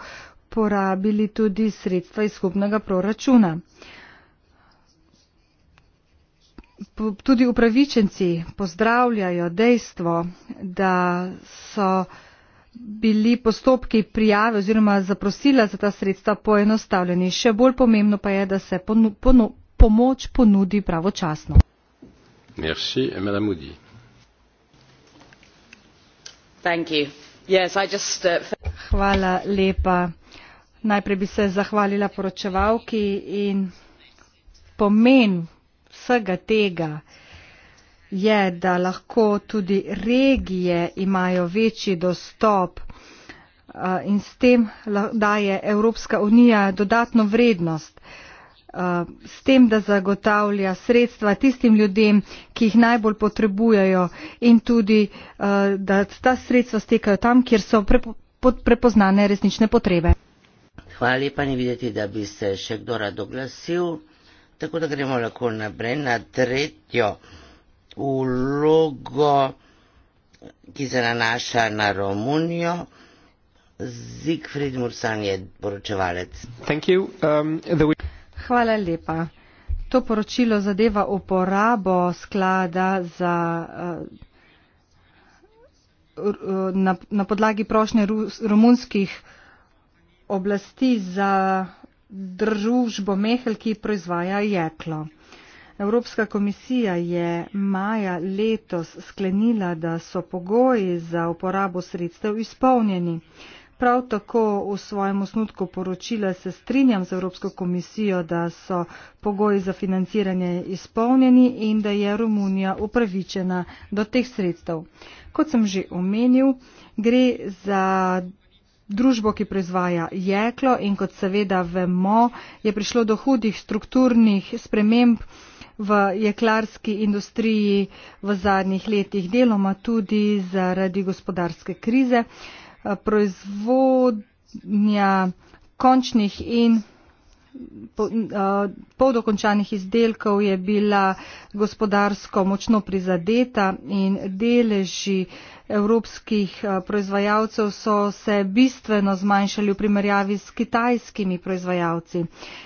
Speaker 3: porabili tudi sredstva iz skupnega proračuna tudi upravičenci pozdravljajo dejstvo, da so bili postopki prijave oziroma zaprosila za ta sredstva poenostavljeni. Še bolj pomembno pa je, da se ponu, ponu, pomoč ponudi pravočasno.
Speaker 1: Merci, madame Udi.
Speaker 3: Thank you. Yes, I just, uh, Hvala lepa. Najprej bi se zahvalila poročevalki in pomen vsega tega je, da lahko tudi regije imajo večji dostop in s tem daje Evropska unija dodatno vrednost, s tem, da zagotavlja sredstva tistim ljudem, ki jih najbolj potrebujejo in tudi, da ta sredstva stekajo tam, kjer so prepoznane resnične potrebe.
Speaker 1: Hvala lepa, ne videti, da bi se še kdo rad oglasil. Tako da gremo lahko naprej na tretjo ulogo, ki se nanaša na Romunijo. Zigfrid Mursan je poročevalec. Um,
Speaker 3: Hvala lepa. To poročilo zadeva uporabo sklada za, uh, uh, na, na podlagi prošnje rus, romunskih oblasti za družbo Mehel, ki proizvaja jeklo. Evropska komisija je maja letos sklenila, da so pogoji za uporabo sredstev izpolnjeni. Prav tako v svojem osnutku poročila se strinjam z Evropsko komisijo, da so pogoji za financiranje izpolnjeni in da je Romunija upravičena do teh sredstev. Kot sem že omenil, gre za družbo, ki proizvaja jeklo in kot seveda vemo, je prišlo do hudih strukturnih sprememb v jeklarski industriji v zadnjih letih, deloma tudi zaradi gospodarske krize. Proizvodnja končnih in eh, poldokončanih izdelkov je bila gospodarsko močno prizadeta in deleži evropskih eh, proizvajalcev so se bistveno zmanjšali v primerjavi s kitajskimi proizvajalci.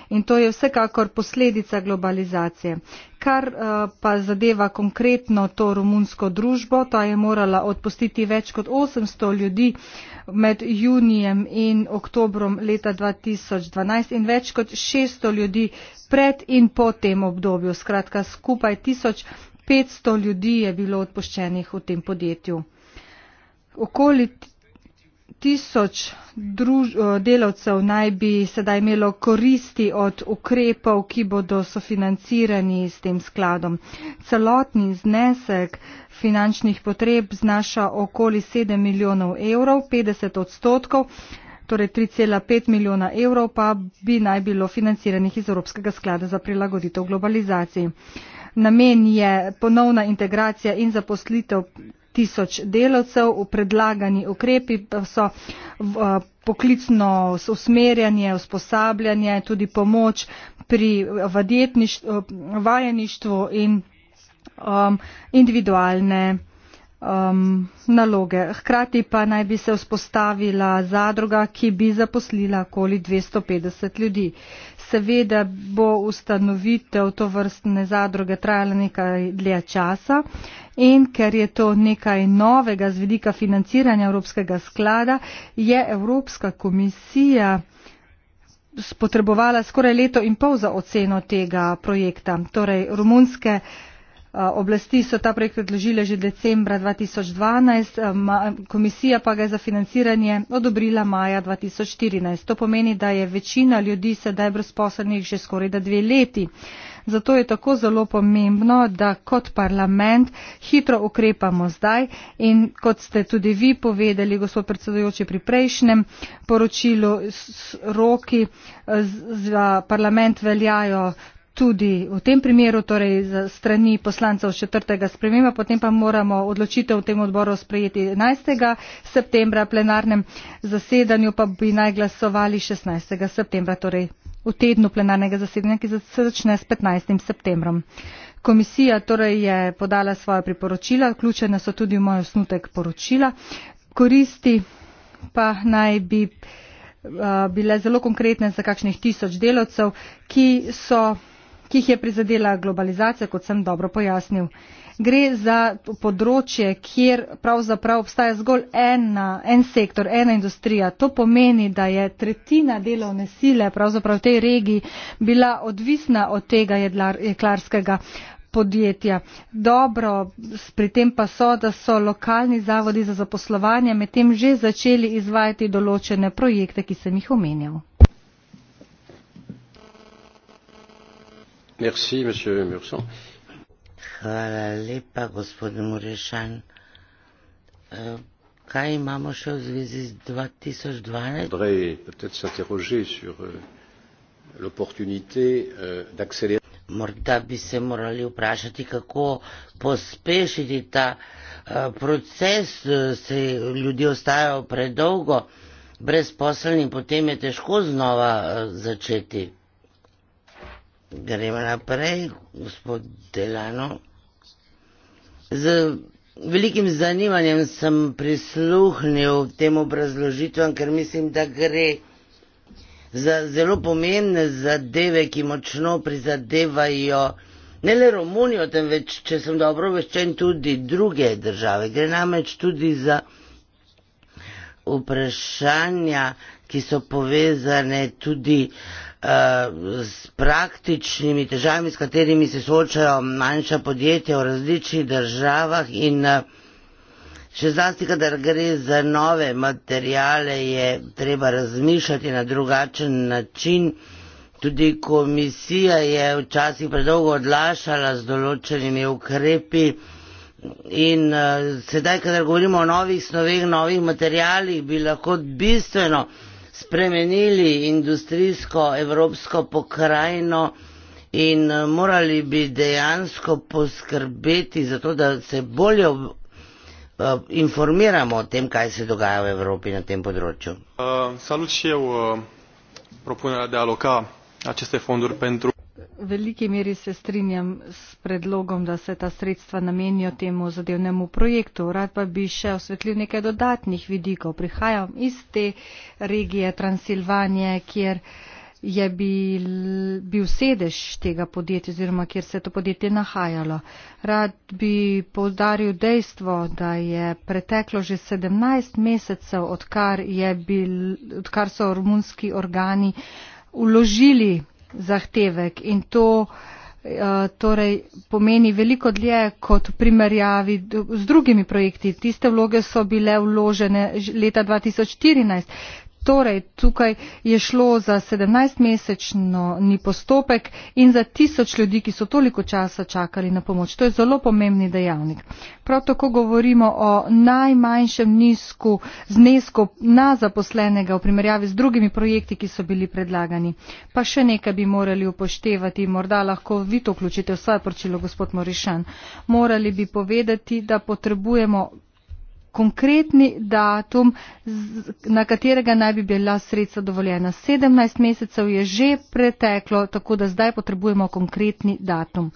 Speaker 3: In to je vsekakor posledica globalizacije. Kar eh, pa zadeva konkretno to romunsko družbo, ta je morala odpustiti več kot 800 ljudi med junijem in oktobrom leta 2012 in več kot 600 ljudi pred in po tem obdobju. Skratka, skupaj 1500 ljudi je bilo odpuščenih v tem podjetju. Okoli tisoč druž, eh, delavcev naj bi sedaj imelo koristi od ukrepov, ki bodo sofinancirani s tem skladom. Celotni znesek finančnih potreb znaša okoli 7 milijonov evrov, 50 odstotkov, torej 3,5 milijona evrov pa bi naj bilo financiranih iz Evropskega sklada za prilagoditev globalizaciji. Namen je ponovna integracija in zaposlitev tisoč delavcev, predlagani ukrepi pa so v, eh, poklicno usmerjanje, usposabljanje, tudi pomoč pri eh, eh, vajeništvu in um, individualne um, naloge. Hkrati pa naj bi se vzpostavila zadruga, ki bi zaposlila okoli 250 ljudi. Seveda bo ustanovitev to vrstne zadruge trajala nekaj dlje časa in ker je to nekaj novega z vedika financiranja Evropskega sklada, je Evropska komisija spotrebovala skoraj leto in pol za oceno tega projekta. Torej, romunske eh, Oblasti so ta projekt predložile že decembra 2012, komisija pa ga je za financiranje odobrila maja 2014. To pomeni, da je večina ljudi sedaj brezposobnih že skoraj da dve leti. Zato je tako zelo pomembno, da kot parlament hitro ukrepamo zdaj in kot ste tudi vi povedali, gospod predsedujoči, pri prejšnjem poročilu roki za parlament veljajo tudi v tem primeru, torej strani poslancev četrtega sprememba, potem pa moramo odločitev v tem odboru sprejeti 11. septembra, plenarnem zasedanju pa bi naj glasovali 16. septembra, torej v tednu plenarnega zasedanja, ki se začne s 15. septembrom. Komisija torej je podala svoje priporočila, vključena so tudi v moj osnutek poročila. Koristi pa naj bi eh, bile zelo konkretne za kakšnih tisoč delavcev, ki so ki jih je prizadela globalizacija, kot sem dobro pojasnil. Gre za področje, kjer pravzaprav obstaja zgolj ena, en sektor, ena industrija. To pomeni, da je tretjina delovne sile pravzaprav v tej regiji bila odvisna od tega jedlar, jeklarskega podjetja. Dobro pri tem pa so, da so lokalni zavodi za zaposlovanje medtem že začeli izvajati določene projekte, ki sem jih omenjal.
Speaker 1: Merci, monsieur Murson. Hvala lepa, gospod Murešan. E, kaj imamo še v zvezi z 2012?
Speaker 4: Euh,
Speaker 1: euh, Morda bi se morali vprašati, kako pospešiti ta e, proces, e, se ljudje ostajajo predolgo brezposelni in potem je težko znova začeti gremo naprej, gospod Delano. Z velikim zanimanjem sem prisluhnil tem obrazložitvam, ker mislim, da gre za zelo pomembne zadeve, ki močno prizadevajo ne le Romunijo, temveč, če sem dobro obveščen, tudi druge države. Gre namreč tudi za vprašanja, ki so povezane tudi uh, Eh, s praktičnimi težavami, s katerimi se soočajo manjša podjetja v različnih državah in eh, še zlasti, kadar gre za nove materijale, je treba razmišljati na drugačen način. Tudi komisija je včasih predolgo odlašala z določenimi ukrepi in eh, sedaj, kadar govorimo o novih snoveh, novih materijalih, bi lahko bistveno spremenili industrijsko evropsko pokrajino in eh, morali bi dejansko poskrbeti za to, da se bolje eh, informiramo o tem, kaj se dogaja v Evropi na tem področju. Uh, eh, Salučijev uh, propunera dialoga, a če
Speaker 3: ste fondur pentru v veliki meri se strinjam s predlogom, da se ta sredstva namenijo temu zadevnemu projektu. Rad pa bi še osvetlil nekaj dodatnih vidikov. Prihajam iz te regije Transilvanije, kjer je bil, bil sedež tega podjetja oziroma kjer se je to podjetje nahajalo. Rad bi povdaril dejstvo, da je preteklo že 17 mesecev, odkar, bil, odkar so romunski organi uložili zahtevek in to uh, torej pomeni veliko dlje kot v primerjavi z drugimi projekti. Tiste vloge so bile vložene leta 2014, Torej, tukaj je šlo za 17-mesečni postopek in za tisoč ljudi, ki so toliko časa čakali na pomoč. To je zelo pomembni dejavnik. Prav tako govorimo o najmanjšem nizku znesku na zaposlenega v primerjavi z drugimi projekti, ki so bili predlagani. Pa še nekaj bi morali upoštevati, morda lahko vi to vključite v svoje poročilo, gospod Morišan. Morali bi povedati, da potrebujemo konkretni datum, na katerega naj bi bila sredstva dovoljena. 17 mesecev je že preteklo, tako da zdaj potrebujemo konkretni datum.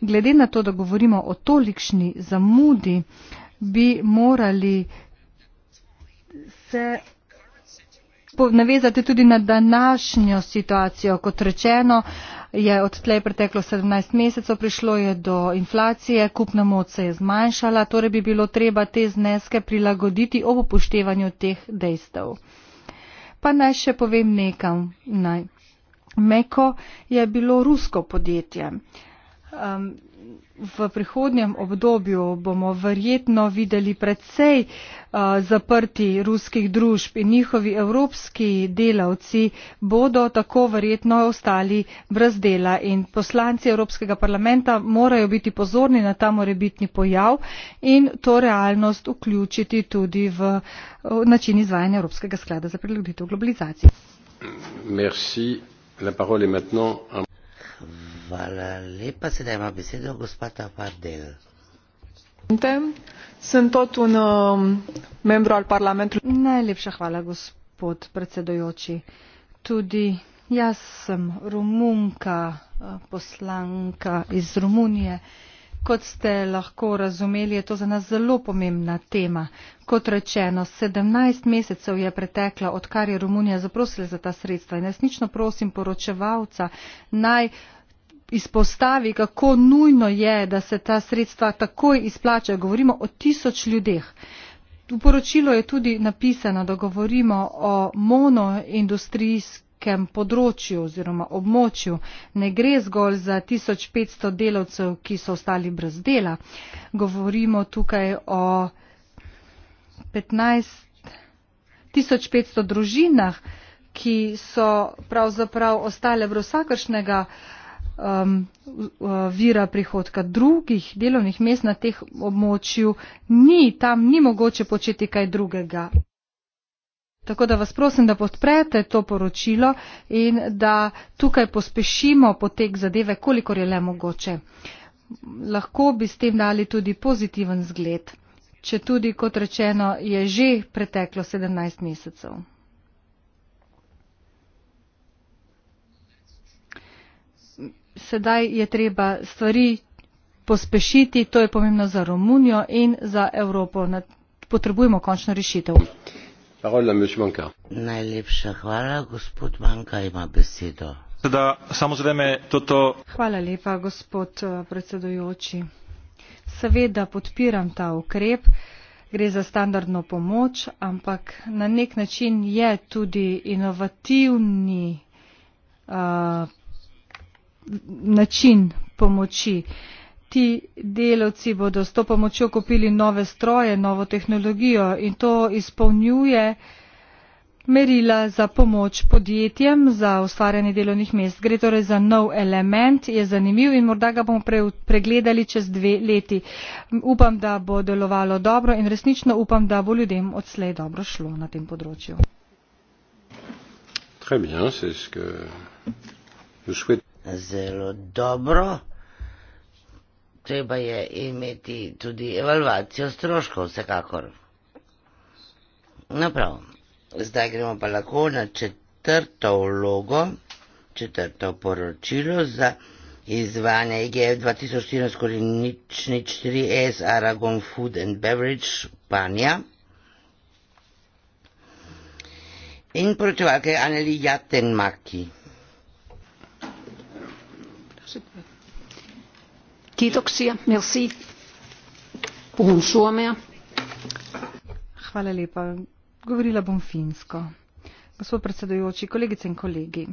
Speaker 3: Glede na to, da govorimo o tolikšni zamudi, bi morali se navezati tudi na današnjo situacijo. Kot rečeno, je odtlej preteklo sedemnajst mesecev prišlo je do inflacije kupna moč se je zmanjšala torej bi bilo treba te zneske prilagoditi ob upoštevanju teh dejstev pa naj še povem nekam naj meko je bilo rusko podjetje um, v prihodnjem obdobju bomo verjetno videli precej uh, zaprti ruskih družb in njihovi evropski delavci bodo tako verjetno ostali brez dela. In poslanci Evropskega parlamenta morajo biti pozorni na ta morebitni pojav in to realnost vključiti tudi v način izvajanja Evropskega sklada za prilagoditev globalizaciji.
Speaker 1: Merci. La parole est maintenant à... Hvala lepa, sedaj ima besedo gospod Avardel.
Speaker 3: Sem to tu na um, membro ali parlamentu. Najlepša hvala, gospod predsedojoči. Tudi jaz sem Romunka, eh, poslanka iz Romunije. Kot ste lahko razumeli, je to za nas zelo pomembna tema. Kot rečeno, 17 mesecev je preteklo, odkar je Romunija zaprosila za ta sredstva in resnično prosim poročevalca naj izpostavi kako nujno je da se ta sredstva takoj izplačajo govorimo o tisoč ljudeh v poročilu je tudi napisano da govorimo o monoindustrijskem področju oziroma območju ne gre zgolj za 1500 delavcev, ki so ostali brez dela. Govorimo tukaj o 1500 družinah, ki so pravzaprav ostale brez vsakršnega uh, um, uh, vira prihodka. Drugih delovnih mest na teh območju ni, tam ni mogoče početi kaj drugega. Tako da vas prosim, da podprete to poročilo in da tukaj pospešimo potek zadeve, kolikor je le mogoče. Lahko bi s tem dali tudi pozitiven zgled, če tudi, kot rečeno, je že preteklo 17 mesecev. sedaj je treba stvari pospešiti, to je pomembno za Romunijo in za Evropo. Potrebujemo končno rešitev.
Speaker 1: Najlepša hvala, gospod Banka ima besedo.
Speaker 3: Hvala lepa, gospod eh, predsedujoči. Seveda podpiram ta ukrep, gre za standardno pomoč, ampak na nek način je tudi inovativni uh, način pomoči. Ti delavci bodo s to pomočjo kupili nove stroje, novo tehnologijo in to izpolnjuje merila za pomoč podjetjem za ustvarjanje delovnih mest. Gre torej za nov element, je zanimiv in morda ga bomo pregledali čez dve leti. Upam, da bo delovalo dobro in resnično upam, da bo ljudem odslej dobro šlo na tem področju.
Speaker 1: Très bien, c'est ce que je souhaite zelo dobro. Treba je imeti tudi evalvacijo stroškov, vsekakor. Naprav. No, Zdaj gremo pa lahko na četrto vlogo, četrto poročilo za izvanje IGF 2014-3S Aragon Food and Beverage Panja. In poročevalke Aneli Jatenmaki.
Speaker 4: gospa predsednica
Speaker 3: hvala lepa govorila bom finsko gospod predsedujoči kolegice in kolegi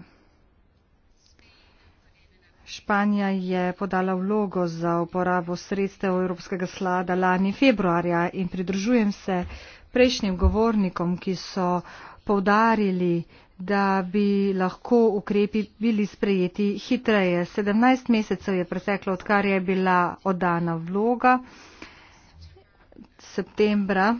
Speaker 3: Španija je podala vlogo za uporabo sredstev Evropskega slada lani februarja in pridružujem se prejšnjim govornikom, ki so poudarili da bi lahko ukrepi bili sprejeti hitreje. 17 mesecev je preteklo, odkar je bila oddana vloga septembra,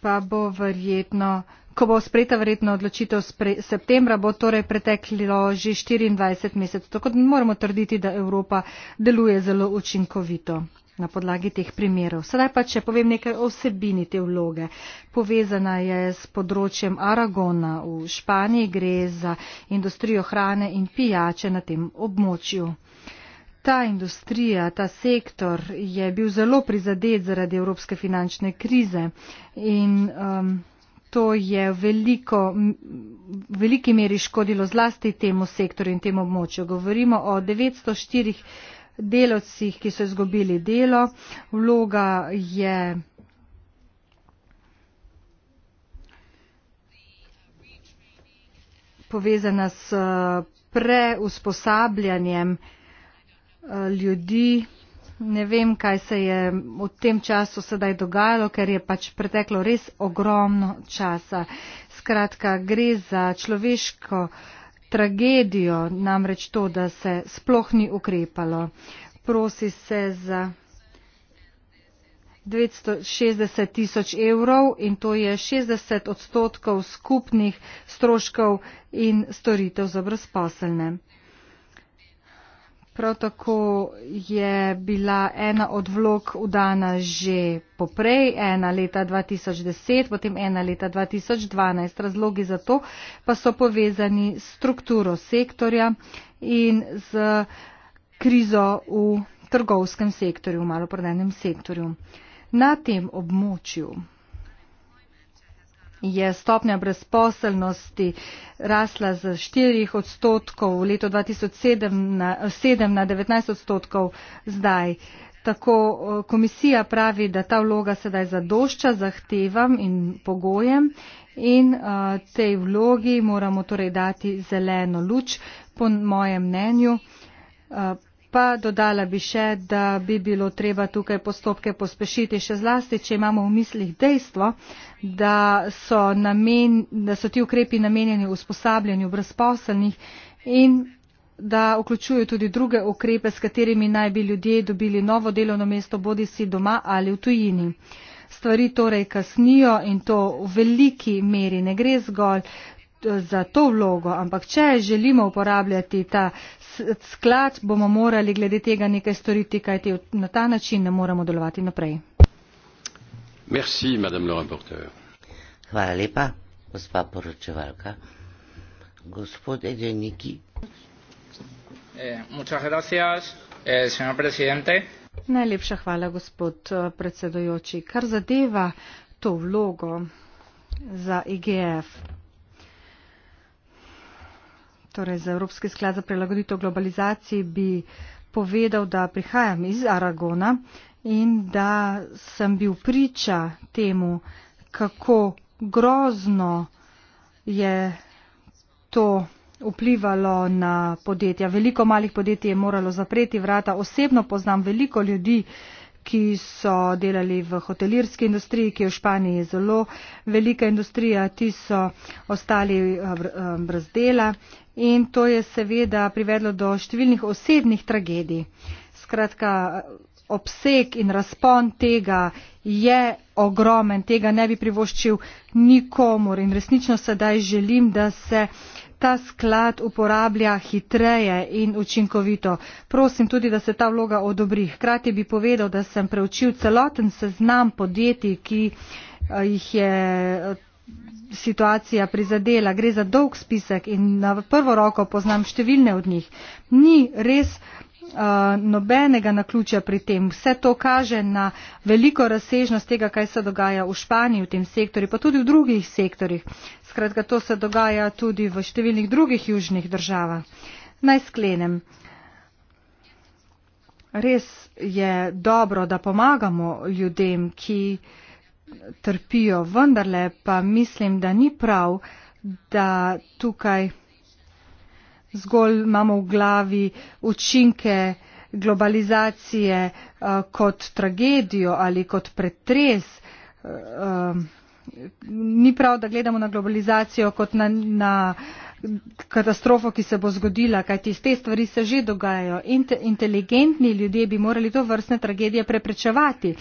Speaker 3: pa bo verjetno, ko bo sprejeta verjetno odločitev spre, septembra, bo torej preteklo že 24 mesecev. Tako da moramo trditi, da Evropa deluje zelo učinkovito na podlagi teh primerov. Sedaj pa, če povem nekaj o vsebini te vloge. Povezana je s področjem Aragona v Španiji, gre za industrijo hrane in pijače na tem območju. Ta industrija, ta sektor je bil zelo prizadet zaradi evropske finančne krize in um, to je veliko, v veliki meri škodilo zlasti temu sektorju in temu območju. Govorimo o 904 delavcih, ki so izgubili delo. Vloga je povezana s preusposabljanjem eh, ljudi. Ne vem, kaj se je v tem času sedaj dogajalo, ker je pač preteklo res ogromno časa. Skratka, gre za človeško uh, tragedijo, namreč to, da se sploh ni ukrepalo. Prosi se za 260 tisoč evrov in to je 60 odstotkov skupnih stroškov in storitev za brezposelne. Prav tako je bila ena od vlog udana že poprej, ena leta 2010, potem ena leta 2012. Razlogi za to pa so povezani s strukturo sektorja in z krizo v trgovskem sektorju, v maloprodajnem sektorju. Na tem območju je stopnja brezposelnosti rasla z 4 odstotkov v letu 2007 na 19 odstotkov zdaj. Tako komisija pravi, da ta vloga sedaj zadošča zahtevam in pogojem in uh, tej vlogi moramo torej dati zeleno luč, po mojem mnenju. Uh, pa dodala bi še, da bi bilo treba tukaj postopke pospešiti, še zlasti, če imamo v mislih dejstvo, da so, namen, da so ti ukrepi namenjeni usposabljanju brezposelnih in da vključujo tudi druge ukrepe, s katerimi naj bi ljudje dobili novo delovno mesto, bodi si doma ali v tujini. Stvari torej kasnijo in to v veliki meri ne gre zgolj eh, za to vlogo, ampak če želimo uporabljati ta sklad bomo morali glede tega nekaj storiti, kajti na ta način ne moremo delovati naprej.
Speaker 1: Merci, Hvala lepa, gospa poročevalka. Gospod Edeniki.
Speaker 3: Eh, eh, Najlepša hvala, gospod eh, predsedojoči. Kar zadeva to vlogo za IGF, e torej za Evropski sklad za prilagoditev globalizaciji, bi povedal, da prihajam iz Aragona in da sem bil priča temu, kako grozno je to vplivalo na podjetja. Veliko malih podjetij je moralo zapreti vrata. Osebno poznam veliko ljudi, uh, ki so delali v hotelirski industriji, ki je v Španiji zelo velika industrija, ti so ostali eh, eh, brez dela in to je seveda privedlo do številnih osebnih tragedij. Skratka, obseg in razpon tega je ogromen, tega ne bi privoščil nikomor in resnično sedaj želim, da se. Uh, ta sklad uporablja hitreje in učinkovito. Prosim tudi, da se ta vloga odobri. Hkrati bi povedal, da sem preučil celoten seznam podjetij, ki eh, jih je eh, situacija prizadela. Gre za dolg spisek in na prvo roko poznam številne od njih. Ni res, Eh, nobenega naključja pri tem. Vse to kaže na veliko razsežnost tega, kaj se dogaja v Španiji v tem sektorju, pa tudi v drugih sektorjih. Skratka, to se dogaja tudi v številnih drugih južnih državah. Naj sklenem. Res je dobro, da pomagamo ljudem, ki trpijo, vendarle pa mislim, da ni prav, da tukaj zgolj imamo v glavi učinke globalizacije eh, kot tragedijo ali kot pretres. Eh, ni prav, da gledamo na globalizacijo kot na, na katastrofo, ki se bo zgodila, kajti iz te stvari se že dogajajo. Inte, inteligentni ljudje bi morali to vrstne tragedije preprečevati.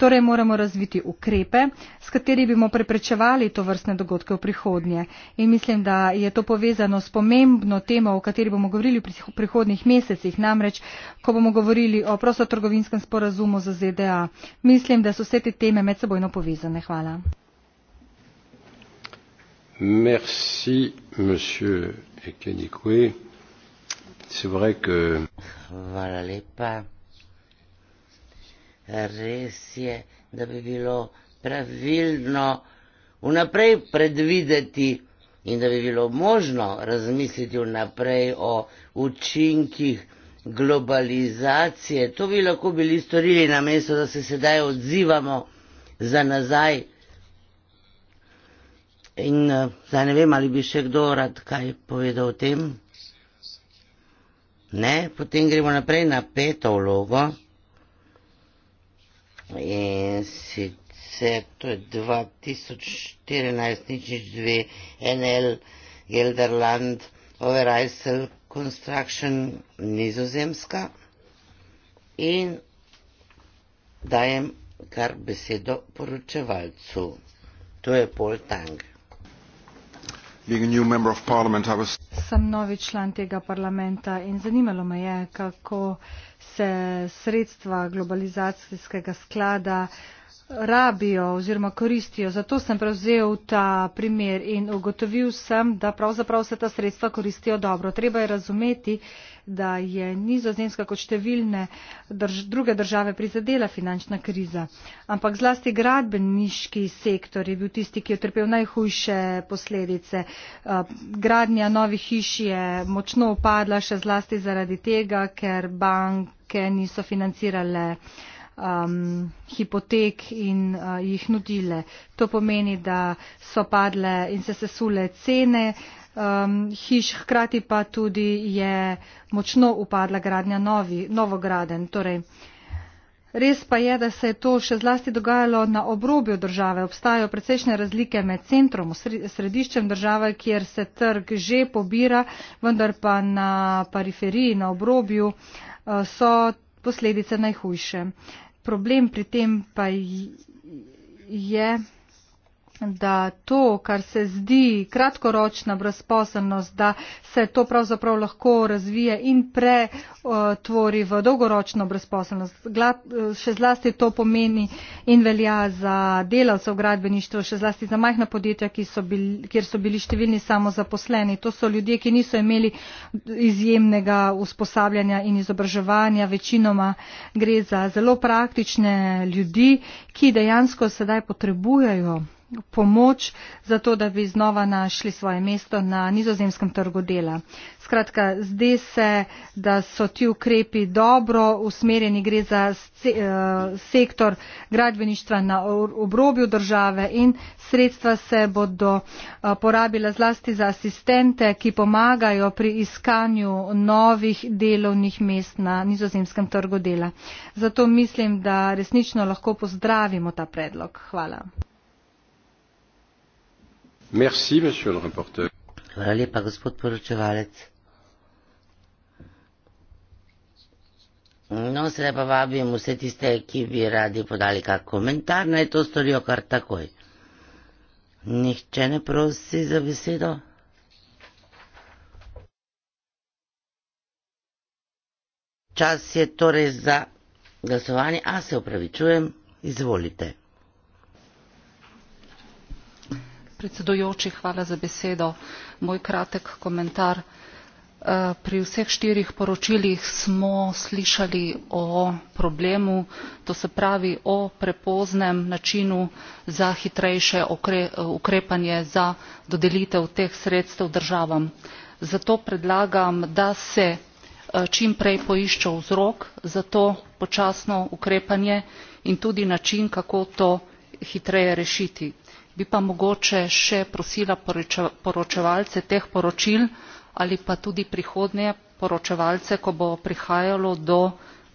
Speaker 3: Torej moramo razviti ukrepe, s kateri bomo preprečevali to vrstne dogodke v prihodnje. In mislim, da je to povezano s pomembno temo, o kateri bomo govorili v prihodnih mesecih, namreč, ko bomo govorili o prostotrgovinskem sporazumu za ZDA. Mislim, da so vse te teme medsebojno povezane. Hvala.
Speaker 1: Merci, monsieur Ekenikwe. C'est vrai que. Voilà les pas res je, da bi bilo pravilno vnaprej predvideti in da bi bilo možno razmisliti vnaprej o učinkih globalizacije. To bi lahko bili storili na mesto, da se sedaj odzivamo za nazaj. In eh, zdaj ne vem, ali bi še kdo rad kaj povedal o tem. Ne, potem gremo naprej na peto vlogo. In sicer to je 2014-2 NL Gelderland Overijssel Construction Nizozemska. In dajem kar besedo poročevalcu. To je Paul Tang. Being a new member of parliament, I
Speaker 3: was... Sem novi član tega parlamenta in zanimalo me je, kako se sredstva globalizacijskega sklada uh, rabijo oziroma koristijo. Zato sem prevzel ta primer in ugotovil sem, da pravzaprav se ta sredstva koristijo dobro. Treba je razumeti, da je nizozemska kot številne drž druge države prizadela finančna kriza. Ampak zlasti gradbeniški sektor je bil tisti, ki je trpel najhujše posledice. Gradnja novih hiš je močno upadla še zlasti zaradi tega, ker banke niso financirale um, hipotek in uh, jih nudile. To pomeni, da so padle in se sesule cene um, hiš, hkrati pa tudi je močno upadla gradnja novi, novograden. Torej, Res pa je, da se je to še zlasti dogajalo na obrobju države. Obstajajo precejšnje razlike med centrom, središčem države, kjer se trg že pobira, vendar pa na periferiji, na obrobju uh, so posledice najhujše problem pri tem pa je da to, kar se zdi kratkoročna brezposelnost, da se to pravzaprav lahko razvije in pretvori v dolgoročno brezposelnost. Še zlasti to pomeni in velja za delavce v gradbeništvu, še zlasti za majhna podjetja, so bili, kjer so bili številni samozaposleni. To so ljudje, ki niso imeli izjemnega usposabljanja in izobraževanja, večinoma gre za zelo praktične ljudi, ki dejansko sedaj potrebujejo pomoč za to, da bi znova našli svoje mesto na nizozemskem trgu dela. Skratka, zdi se, da so ti ukrepi dobro usmerjeni, gre za eh, sektor gradbeništva na obrobju države in sredstva se bodo eh, porabila zlasti za asistente, ki pomagajo pri iskanju novih delovnih mest na nizozemskem trgu dela. Zato mislim, da resnično lahko pozdravimo ta predlog. Hvala.
Speaker 1: Merci, monsieur le rapporteur. Hvala lepa, gospod poročevalec. No, sedaj pa vabim vse tiste, ki bi radi podali kak komentar, naj to storijo kar takoj. Nihče ne prosi za besedo. Čas je torej za glasovanje, a se upravičujem, izvolite.
Speaker 4: Predsedujoči, hvala za besedo. Moj kratek komentar. Eh, pri vseh štirih poročilih smo slišali o problemu, to se pravi o prepoznem načinu za hitrejše ukrepanje za dodelitev teh sredstev državam. Zato predlagam, da se eh, čim prej poišče vzrok za to počasno ukrepanje in tudi način, kako to hitreje rešiti bi pa mogoče še prosila poročevalce teh poročil ali pa tudi prihodnje poročevalce, ko bo prihajalo do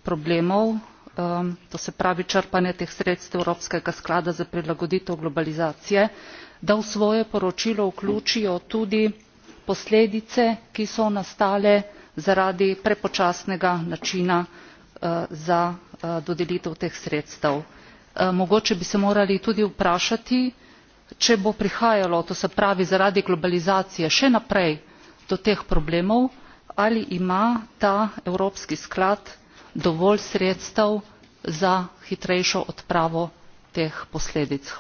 Speaker 4: problemov, um, to se pravi črpanje teh sredstev Evropskega sklada za prilagoditev globalizacije, da v svoje poročilo vključijo tudi posledice, ki so nastale zaradi prepočasnega načina uh, za uh, dodelitev teh sredstev. Uh, mogoče bi se morali tudi vprašati, uh, če bo prihajalo to se pravi zaradi globalizacije še naprej do teh problemov ali ima ta evropski sklad dovolj sredstev za hitrejšo odpravo teh posledic.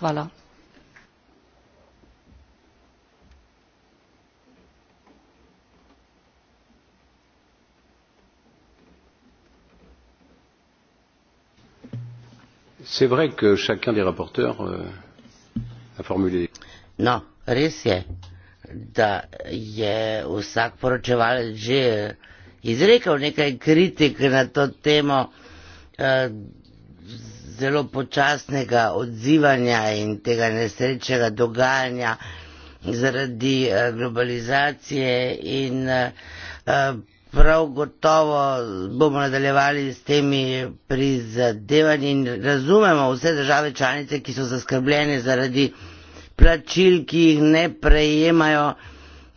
Speaker 1: c'est vrai que chacun des rapporteurs a euh, formulirali. No, res je, da je vsak poročevalec že izrekel nekaj kritik na to temo eh, zelo počasnega odzivanja in tega nesrečnega dogajanja zaradi eh, globalizacije in eh, prav gotovo bomo nadaljevali s temi prizadevanji in razumemo vse države članice, ki so zaskrbljene zaradi plačil, ki jih ne prejemajo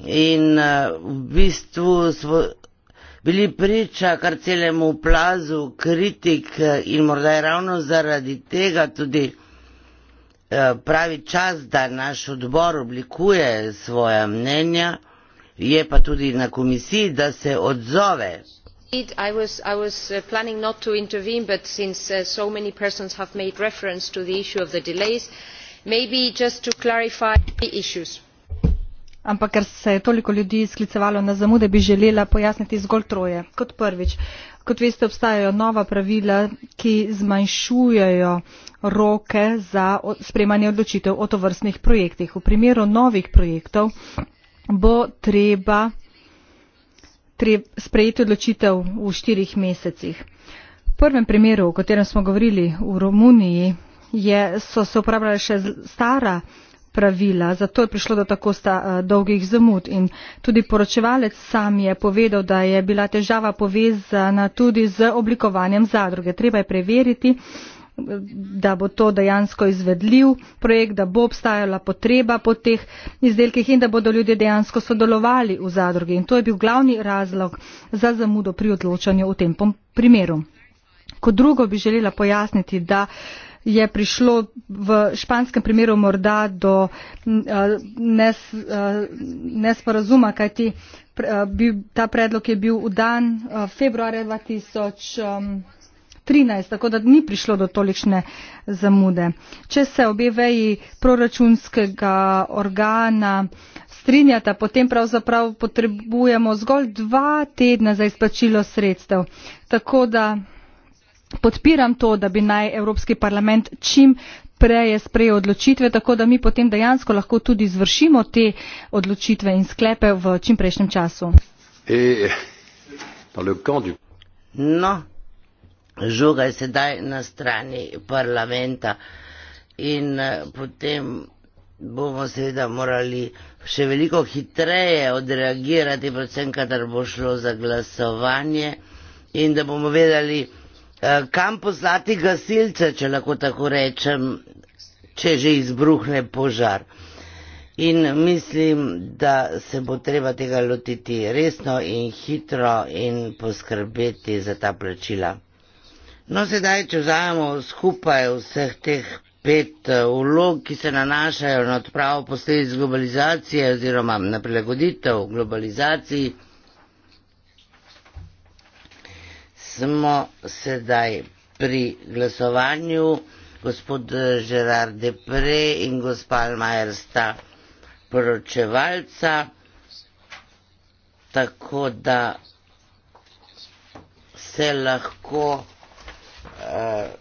Speaker 1: in eh, v bistvu smo bili priča kar celemu plazu kritik eh, in morda je ravno zaradi tega tudi eh, pravi čas, da naš odbor oblikuje svoja mnenja je pa tudi na komisiji da se odzove.
Speaker 4: Indeed, I was, I was uh, planning not
Speaker 3: to intervene, but since uh, so many persons have made reference to the issue of the delays, maybe just to clarify the issues. Ampak ker se je toliko ljudi sklicevalo na zamude, bi želela pojasniti zgolj troje. Kot prvič, kot veste, obstajajo nova pravila, ki zmanjšujejo roke za sprejmanje odločitev o tovrstnih projektih. V primeru novih projektov bo treba treb, sprejeti odločitev v štirih mesecih. V prvem primeru, o katerem smo govorili v Romuniji, je, so se uporabljala še stara pravila, zato je prišlo do tako sta, eh, dolgih zamud. In tudi poročevalec sam je povedal, da je bila težava povezana tudi z oblikovanjem zadruge. Treba je preveriti, da bo to dejansko izvedljiv projekt, da bo obstajala potreba po teh izdelkih in da bodo ljudje dejansko sodelovali v zadrugi. In to je bil glavni razlog za zamudo pri odločanju o tem primeru. Kot drugo bi želela pojasniti, da je prišlo v španskem primeru morda do mm, eh, nes, eh, nesporazuma, kajti eh, ta predlog je bil v dan februarja 2000. 2013, tako da ni prišlo do tolikšne zamude. Če se obe veji proračunskega organa strinjata, potem pravzaprav potrebujemo zgolj dva tedna za izplačilo sredstev. Tako da podpiram to, da bi naj Evropski parlament čim prej je sprejel odločitve, tako da mi potem dejansko lahko tudi izvršimo te odločitve in sklepe v čim prejšnjem času.
Speaker 1: Eh, no, žoga je sedaj na strani parlamenta in eh, potem bomo seveda morali še veliko hitreje odreagirati, predvsem kadar bo šlo za glasovanje in da bomo vedeli, eh, kam poslati gasilce, če lahko tako rečem, če že izbruhne požar. In mislim, da se bo treba tega lotiti resno in hitro in poskrbeti za ta plačila. No, sedaj, če vzamemo skupaj vseh teh pet eh, vlog, ki se nanašajo na odpravo posledic globalizacije oziroma na prilagoditev globalizaciji, smo sedaj pri glasovanju. Gospod eh, Gerard Depre in gospa Almajer sta poročevalca, tako da se lahko Eh,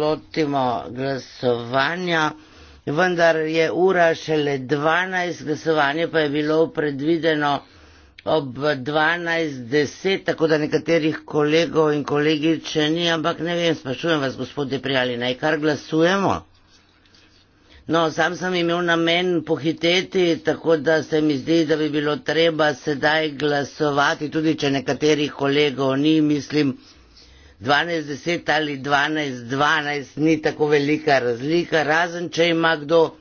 Speaker 1: lotimo glasovanja, vendar je ura šele 12, glasovanje pa je bilo predvideno ob 12.10, tako da nekaterih kolegov in kolegič ni, ampak ne vem, sprašujem vas, gospode prijali, naj kar glasujemo. No, sam sem imel namen pohiteti, tako da se mi zdi, da bi bilo treba sedaj glasovati, tudi če nekaterih kolegov ni, mislim, 12, 10 ali 12, 12 ni tako velika razlika, razen če ima kdo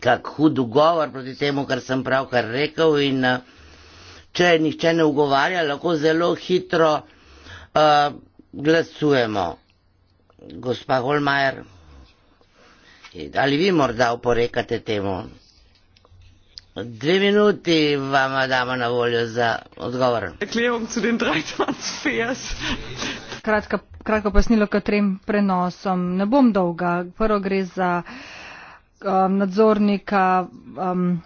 Speaker 1: kak hud ugovor proti temu, kar sem pravkar rekel in eh, če nihče ne ugovarja, lahko zelo hitro uh, glasujemo. Gospa Holmajer, ali vi morda oporekate temu? Dve minuti vam damo na voljo za odgovor
Speaker 3: kratko pojasnilo k trem prenosom. Ne bom dolga. Prvo gre za um, nadzornika. Um,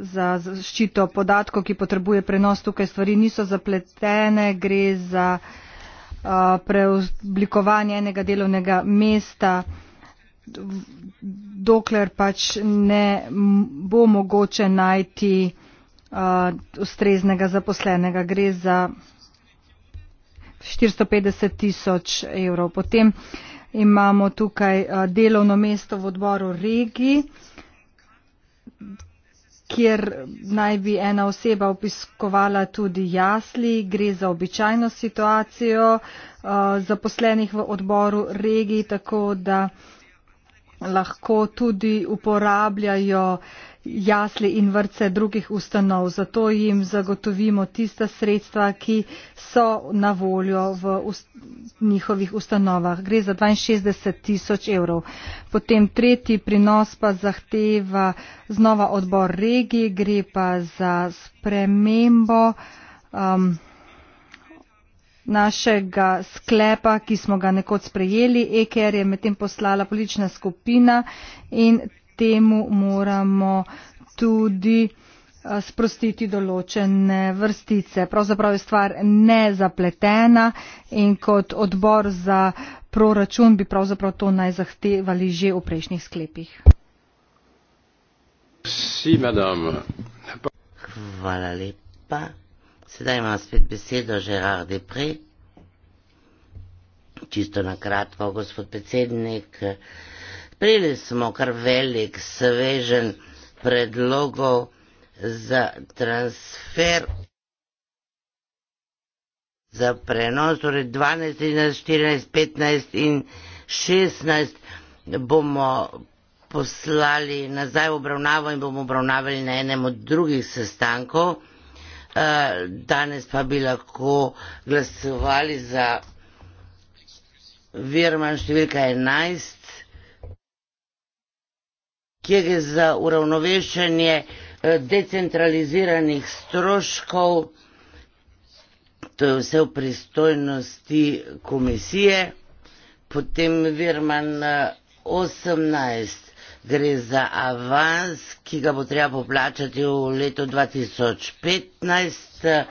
Speaker 3: za zaščito podatkov, ki potrebuje prenos. Tukaj stvari niso zapletene, gre za uh, preoblikovanje enega delovnega mesta, dokler pač ne bo mogoče najti uh, ustreznega zaposlenega. Gre za 450 tisoč evrov. Potem imamo tukaj eh, delovno mesto v odboru regij, kjer naj bi ena oseba obiskovala tudi jasli, gre za običajno situacijo eh, zaposlenih v odboru regij, tako da lahko tudi uporabljajo uh, jasli in vrtce drugih ustanov. Zato jim zagotovimo tista sredstva, ki so na voljo v ust njihovih ustanovah. Gre za 62 tisoč evrov. Potem tretji prinos pa zahteva znova odbor regije, gre pa za spremembo. Um, našega sklepa, ki smo ga nekoč sprejeli, EKR je medtem poslala politična skupina in temu moramo tudi eh, sprostiti določene vrstice. Pravzaprav je stvar nezapletena in kot odbor za proračun bi pravzaprav to naj zahtevali že v prejšnjih sklepih.
Speaker 1: Si, Hvala
Speaker 4: lepa.
Speaker 1: Sedaj imam spet besedo Gerard Depre. Čisto na kratko, gospod predsednik prejeli smo kar velik svežen predlogov za transfer, za prenos, torej 12, 13, 14, 15 in 16 bomo poslali nazaj v obravnavo in bomo obravnavali na enem od drugih sestankov. Eh, danes pa bi lahko glasovali za virman številka 11 kjer je za uravnovešanje eh, decentraliziranih stroškov, to je vse v pristojnosti komisije, potem Virman 18 eh, gre za avans, ki ga bo treba poplačati v letu 2015.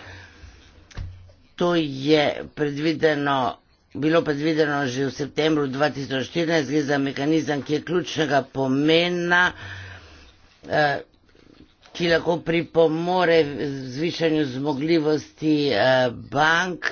Speaker 1: To je predvideno bilo predvideno že v septembru 2014, gre za mehanizem, ki je ključnega pomena, eh, ki lahko pripomore zvišanju zmogljivosti eh, bank.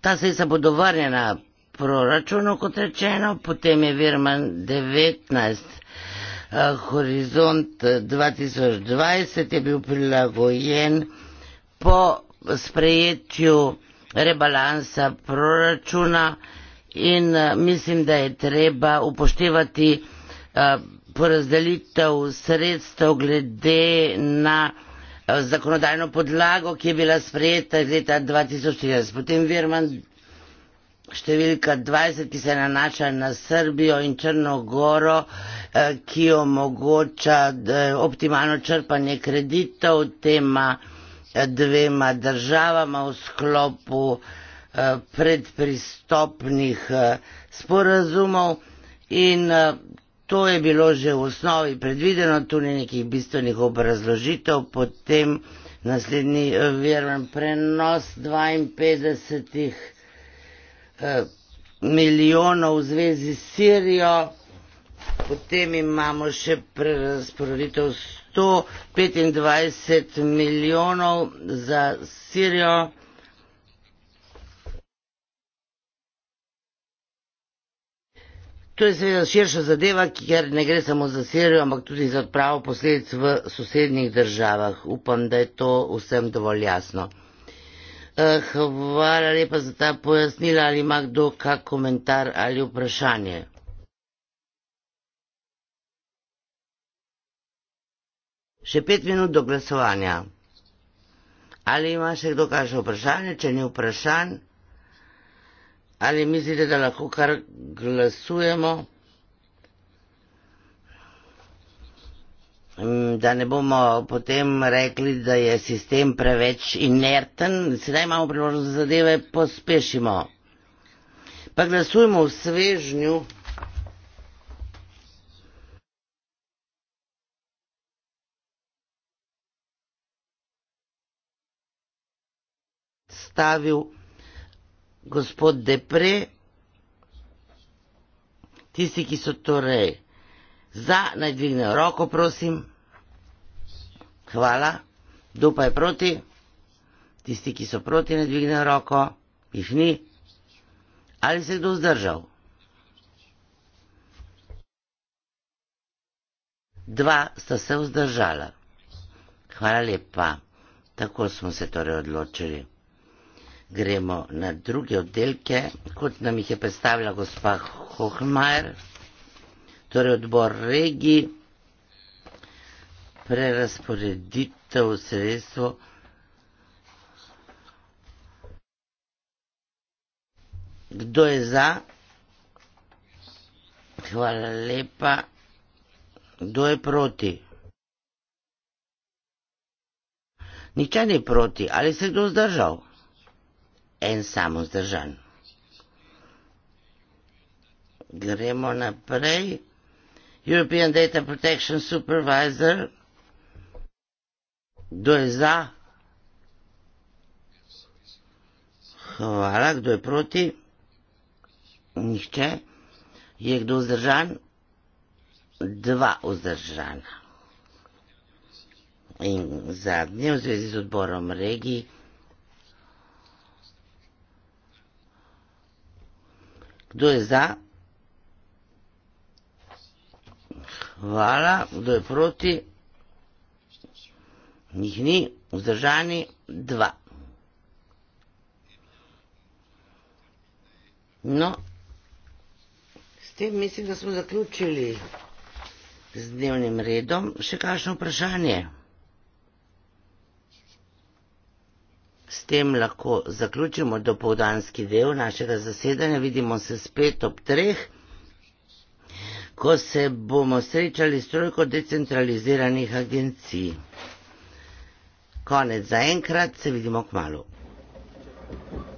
Speaker 1: Ta sredstva bodo vrnjena proračunu, kot rečeno, potem je Virman 19. Eh, Horizont 2020 je bil prilagojen po sprejetju rebalansa proračuna in eh, mislim, da je treba upoštevati eh, porazdelitev sredstev glede na eh, zakonodajno podlago, ki je bila sprejeta leta 2014. Potem Virman številka 20, ki se nanaša na Srbijo in Črnogoro, ki omogoča optimalno črpanje kreditov, tema dvema državama v sklopu eh, predpristopnih eh, sporazumov in eh, to je bilo že v osnovi predvideno, tu ni nekih bistvenih obrazložitev, potem naslednji verujem prenos 52 milijonov v zvezi s Sirijo. Potem imamo še prerasporeditev 125 milijonov za Sirijo. To je seveda širša zadeva, ker ne gre samo za Sirijo, ampak tudi za odpravo posledic v sosednjih državah. Upam, da je to vsem dovolj jasno. Eh, hvala lepa za ta pojasnila. Ali ima kdo kak komentar ali vprašanje? Še pet minut do glasovanja. Ali ima še kdo kakšno vprašanje, če ni vprašanj? Ali mislite, da lahko kar glasujemo? Mm, da ne bomo potem rekli, da je sistem preveč inerten, sedaj imamo priložnost, da zadeve pospešimo. Pa glasujemo v svežnju. predstavil gospod Depre, tisti, ki so torej za, naj dvignejo roko, prosim. Hvala. Kdo pa je proti? Tisti, ki so proti, naj dvignejo roko. Jih ni. Ali se je kdo zdržal? Dva sta se vzdržala. Hvala lepa. Tako smo se torej odločili gremo na druge oddelke, kot nam jih je predstavila gospa Hohmajer, torej odbor regij, prerasporeditev sredstv. Kdo je za? Hvala lepa. Kdo je proti? Nihče ni proti. Ali se je kdo zdržal? en samozdržan. Gremo naprej. European Data Protection Supervisor. Kdo je za? Hvala. Kdo je proti? Nihče. Je kdo vzdržan? Dva vzdržana. In zadnje v zvezi z odborom regij. Kdo je za? Hvala. Kdo je proti? Njih ni. Vzdržani dva. No, s tem mislim, da smo zaključili z dnevnim redom. Še kakšno vprašanje? S tem lahko zaključimo dopoldanski del našega zasedanja. Vidimo se spet ob treh, ko se bomo srečali s trojko decentraliziranih agencij. Konec za enkrat, se vidimo k malu. Thank you.